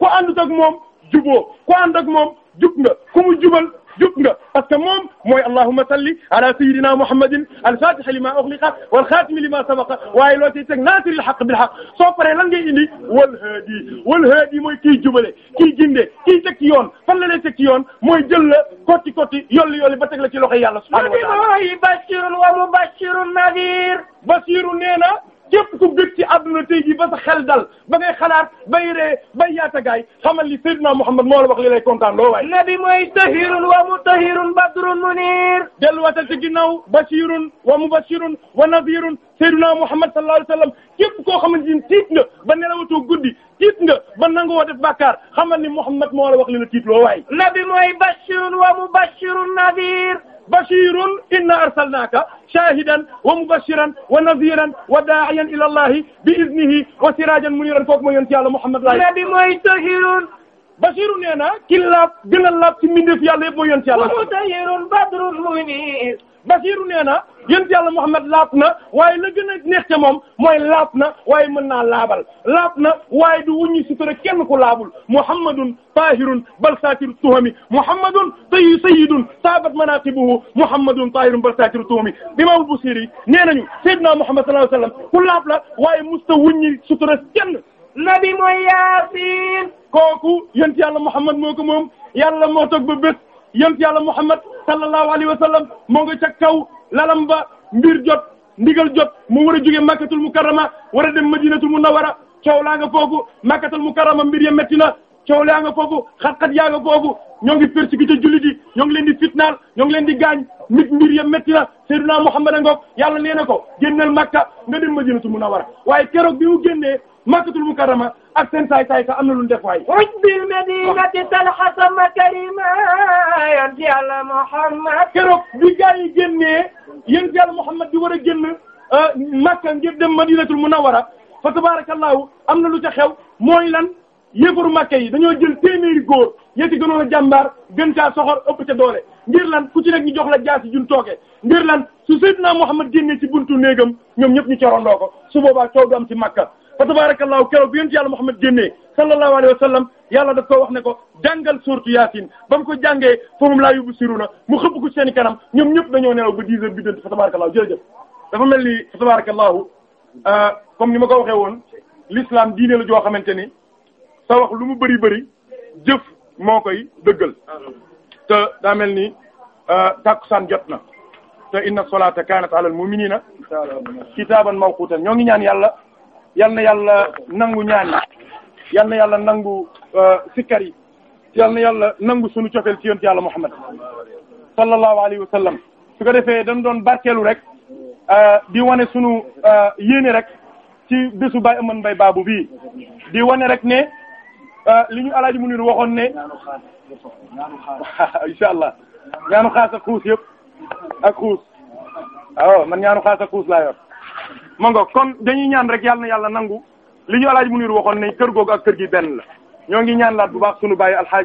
ku àndut ak moom juboo ku ànd moom jub nga ku mu jubal jub nga parce que moom mooy allahumma salli ala sayyidina muhammadin al-fatihi lima ughliqa wal khatimi lima sabaqa waaye loo ciy teg naasiril haqq bil haqq soo paree lan ngay indi wal haadi wal haadi mooy kii jubale kii ginde kii teg ci yoon fan la lay teg ci yoon mooy jël la kotti kotti yolli yolli ba teg la ci loxoy yàlla subhanahu wa ta'ala bashirun wa mubashirun nadhir basiru nee na képp ku gëj ci àdduna tey jii ba sa xel dal ba ngay xalaat bay ree bay yaatagaay xamal li Seydina Muhammad moo la wax li lay kontaan loo waay. nabi mooy tahirun wa mutahirun badrun munir. delluwaatal ci ginnaaw bashirun wa mubashirun wa nadirun Seydina Muhammad sallallahu alayhi wa sallam képp koo xamante ni tiit nga ba nelawatoo guddi tiit nga ba nangoo def bàkkaar xamal ni Muhammad moo la wax li la tiit loo waay. nabi mooy bashirun wa mubashirun nadir. bashirun inna arsalnaaka shahidan wa mubashiran wa naziran wa daa'iyan ila allahi bi iznihi wa sirajan muniran kooku mooy yonent yàlla Muhammad laay nabi mooy tahirun Bashiru nee na ki laab gën a laab ci mbindeef yàlla yëpp mooy yonent yàlla mutahirun badrul munir Basiiru nee na yent yàlla Muhammad laab na waaye la gën a neex ca moom mooy laab na waaye mën naa laabal laab na waaye du wuññi sutura kenn ku laabul Muhammadun tahirun bal saatiru tuhami Muhammadun tay sayyidun saabat manaqibuhu Muhammadun tahirun bal saatiru tuhami Imaamul Busiiri nee nañu Seydina Muhammad sallallahu alayhi wa sallam ku laab la waaye musta wuññi sutura kenn nabi mooy Yaasiin kooku yent yàlla Muhammad moo ko moom yàlla moo toog ba bés yent yàlla Muhammad sallallahu alayhi wa sallam moo nga ca kaw lalam ba mbir jot ndigal jot mu war a jóge makkatul mukarrama war a dem madinatul munawwara coow laa nga foofu makkatul mukarrama mbir ya metti na coow laa nga foofu xat-xat yaa nga foofu ñoo ngi persécuté jullit yi ñoo ngi leen di fitnaal ñoo ngi leen di gaañ nit mbir ya metti na Seydina Muhammad a ngoog yàlla nee a ko génnal makka nga dem madinatul munawwara waaye keroog bi mu génnee makkatul mukarrama ak seen saay saay ka am na lu ñu def waay. ruj bil madinati talxasa makarima yan ci yàlla Muhammad. keroog bi gaa yi génnee yan ci yàlla Muhammad di war a génn euh, Makka ngir dem Madinatul Munawwara fa tabarakallahu am na lu ca xew mooy lan yéefaru Makka yi dañoo jël téeméeri góor yéen ci gënoon jàmbaar gën caa soxor ëpp ca doole. ngir lan ku ci nekk ñu jox la jaasi jun tooke ngir lan su Seydina Muhammad génnee ci buntu néegam ñoom ñëpp ñu fa tabaarakallaahu keroog bi yonent yàlla Muhammad génnee sallallahu alayhi wa sallam yàlla daf ko wax ne ko jàngal suurtu yaasin ba mu ko jàngee fa moom laa yóbbu siruna mu xëpp ko seen kanam ñoom ñëpp dañoo nelaw ba 10 heures bi dënt fa tabaarakallaahu jërëjëf dafa mel ni fa tabaarakallaahu euh, comme ni ma ko waxee woon l'islam diine la joo xamante ni sa wax lu mu bëri bëri jëf moo koy dëggal te daa mel ni euh, tàkkusaan jot na te inna solata kanat ala al muminina kitaban mawqutan ñoo ngi ñaan yàlla yal na yàlla nangu ñaan yi yal na yàlla nangu euh, sikkar yi yal na yàlla nangu sunu cofeel ci yonent yàlla Muhammad sallallahu alayhi wa sallam su ko defee dañ doon barkeelu rek euh, di wane sunu euh, yéene rek ci bésu Baye Amane Mbaye baabu bii di wane rek ne li ñu alaaji Munir waxoon ne incha allah ñaanu xaas ak xuus yëpp ak xuus waaw man ñaanu xaas ak xuus laa yor ma ngoog kon dañuy ñaan rek yàlla yàlla nangu li ñu alaaj mu niir waxoon ne kër googu ak kër gi benn la ñoo ngi ñaan laat bu baax sunu bàyyi alxaaji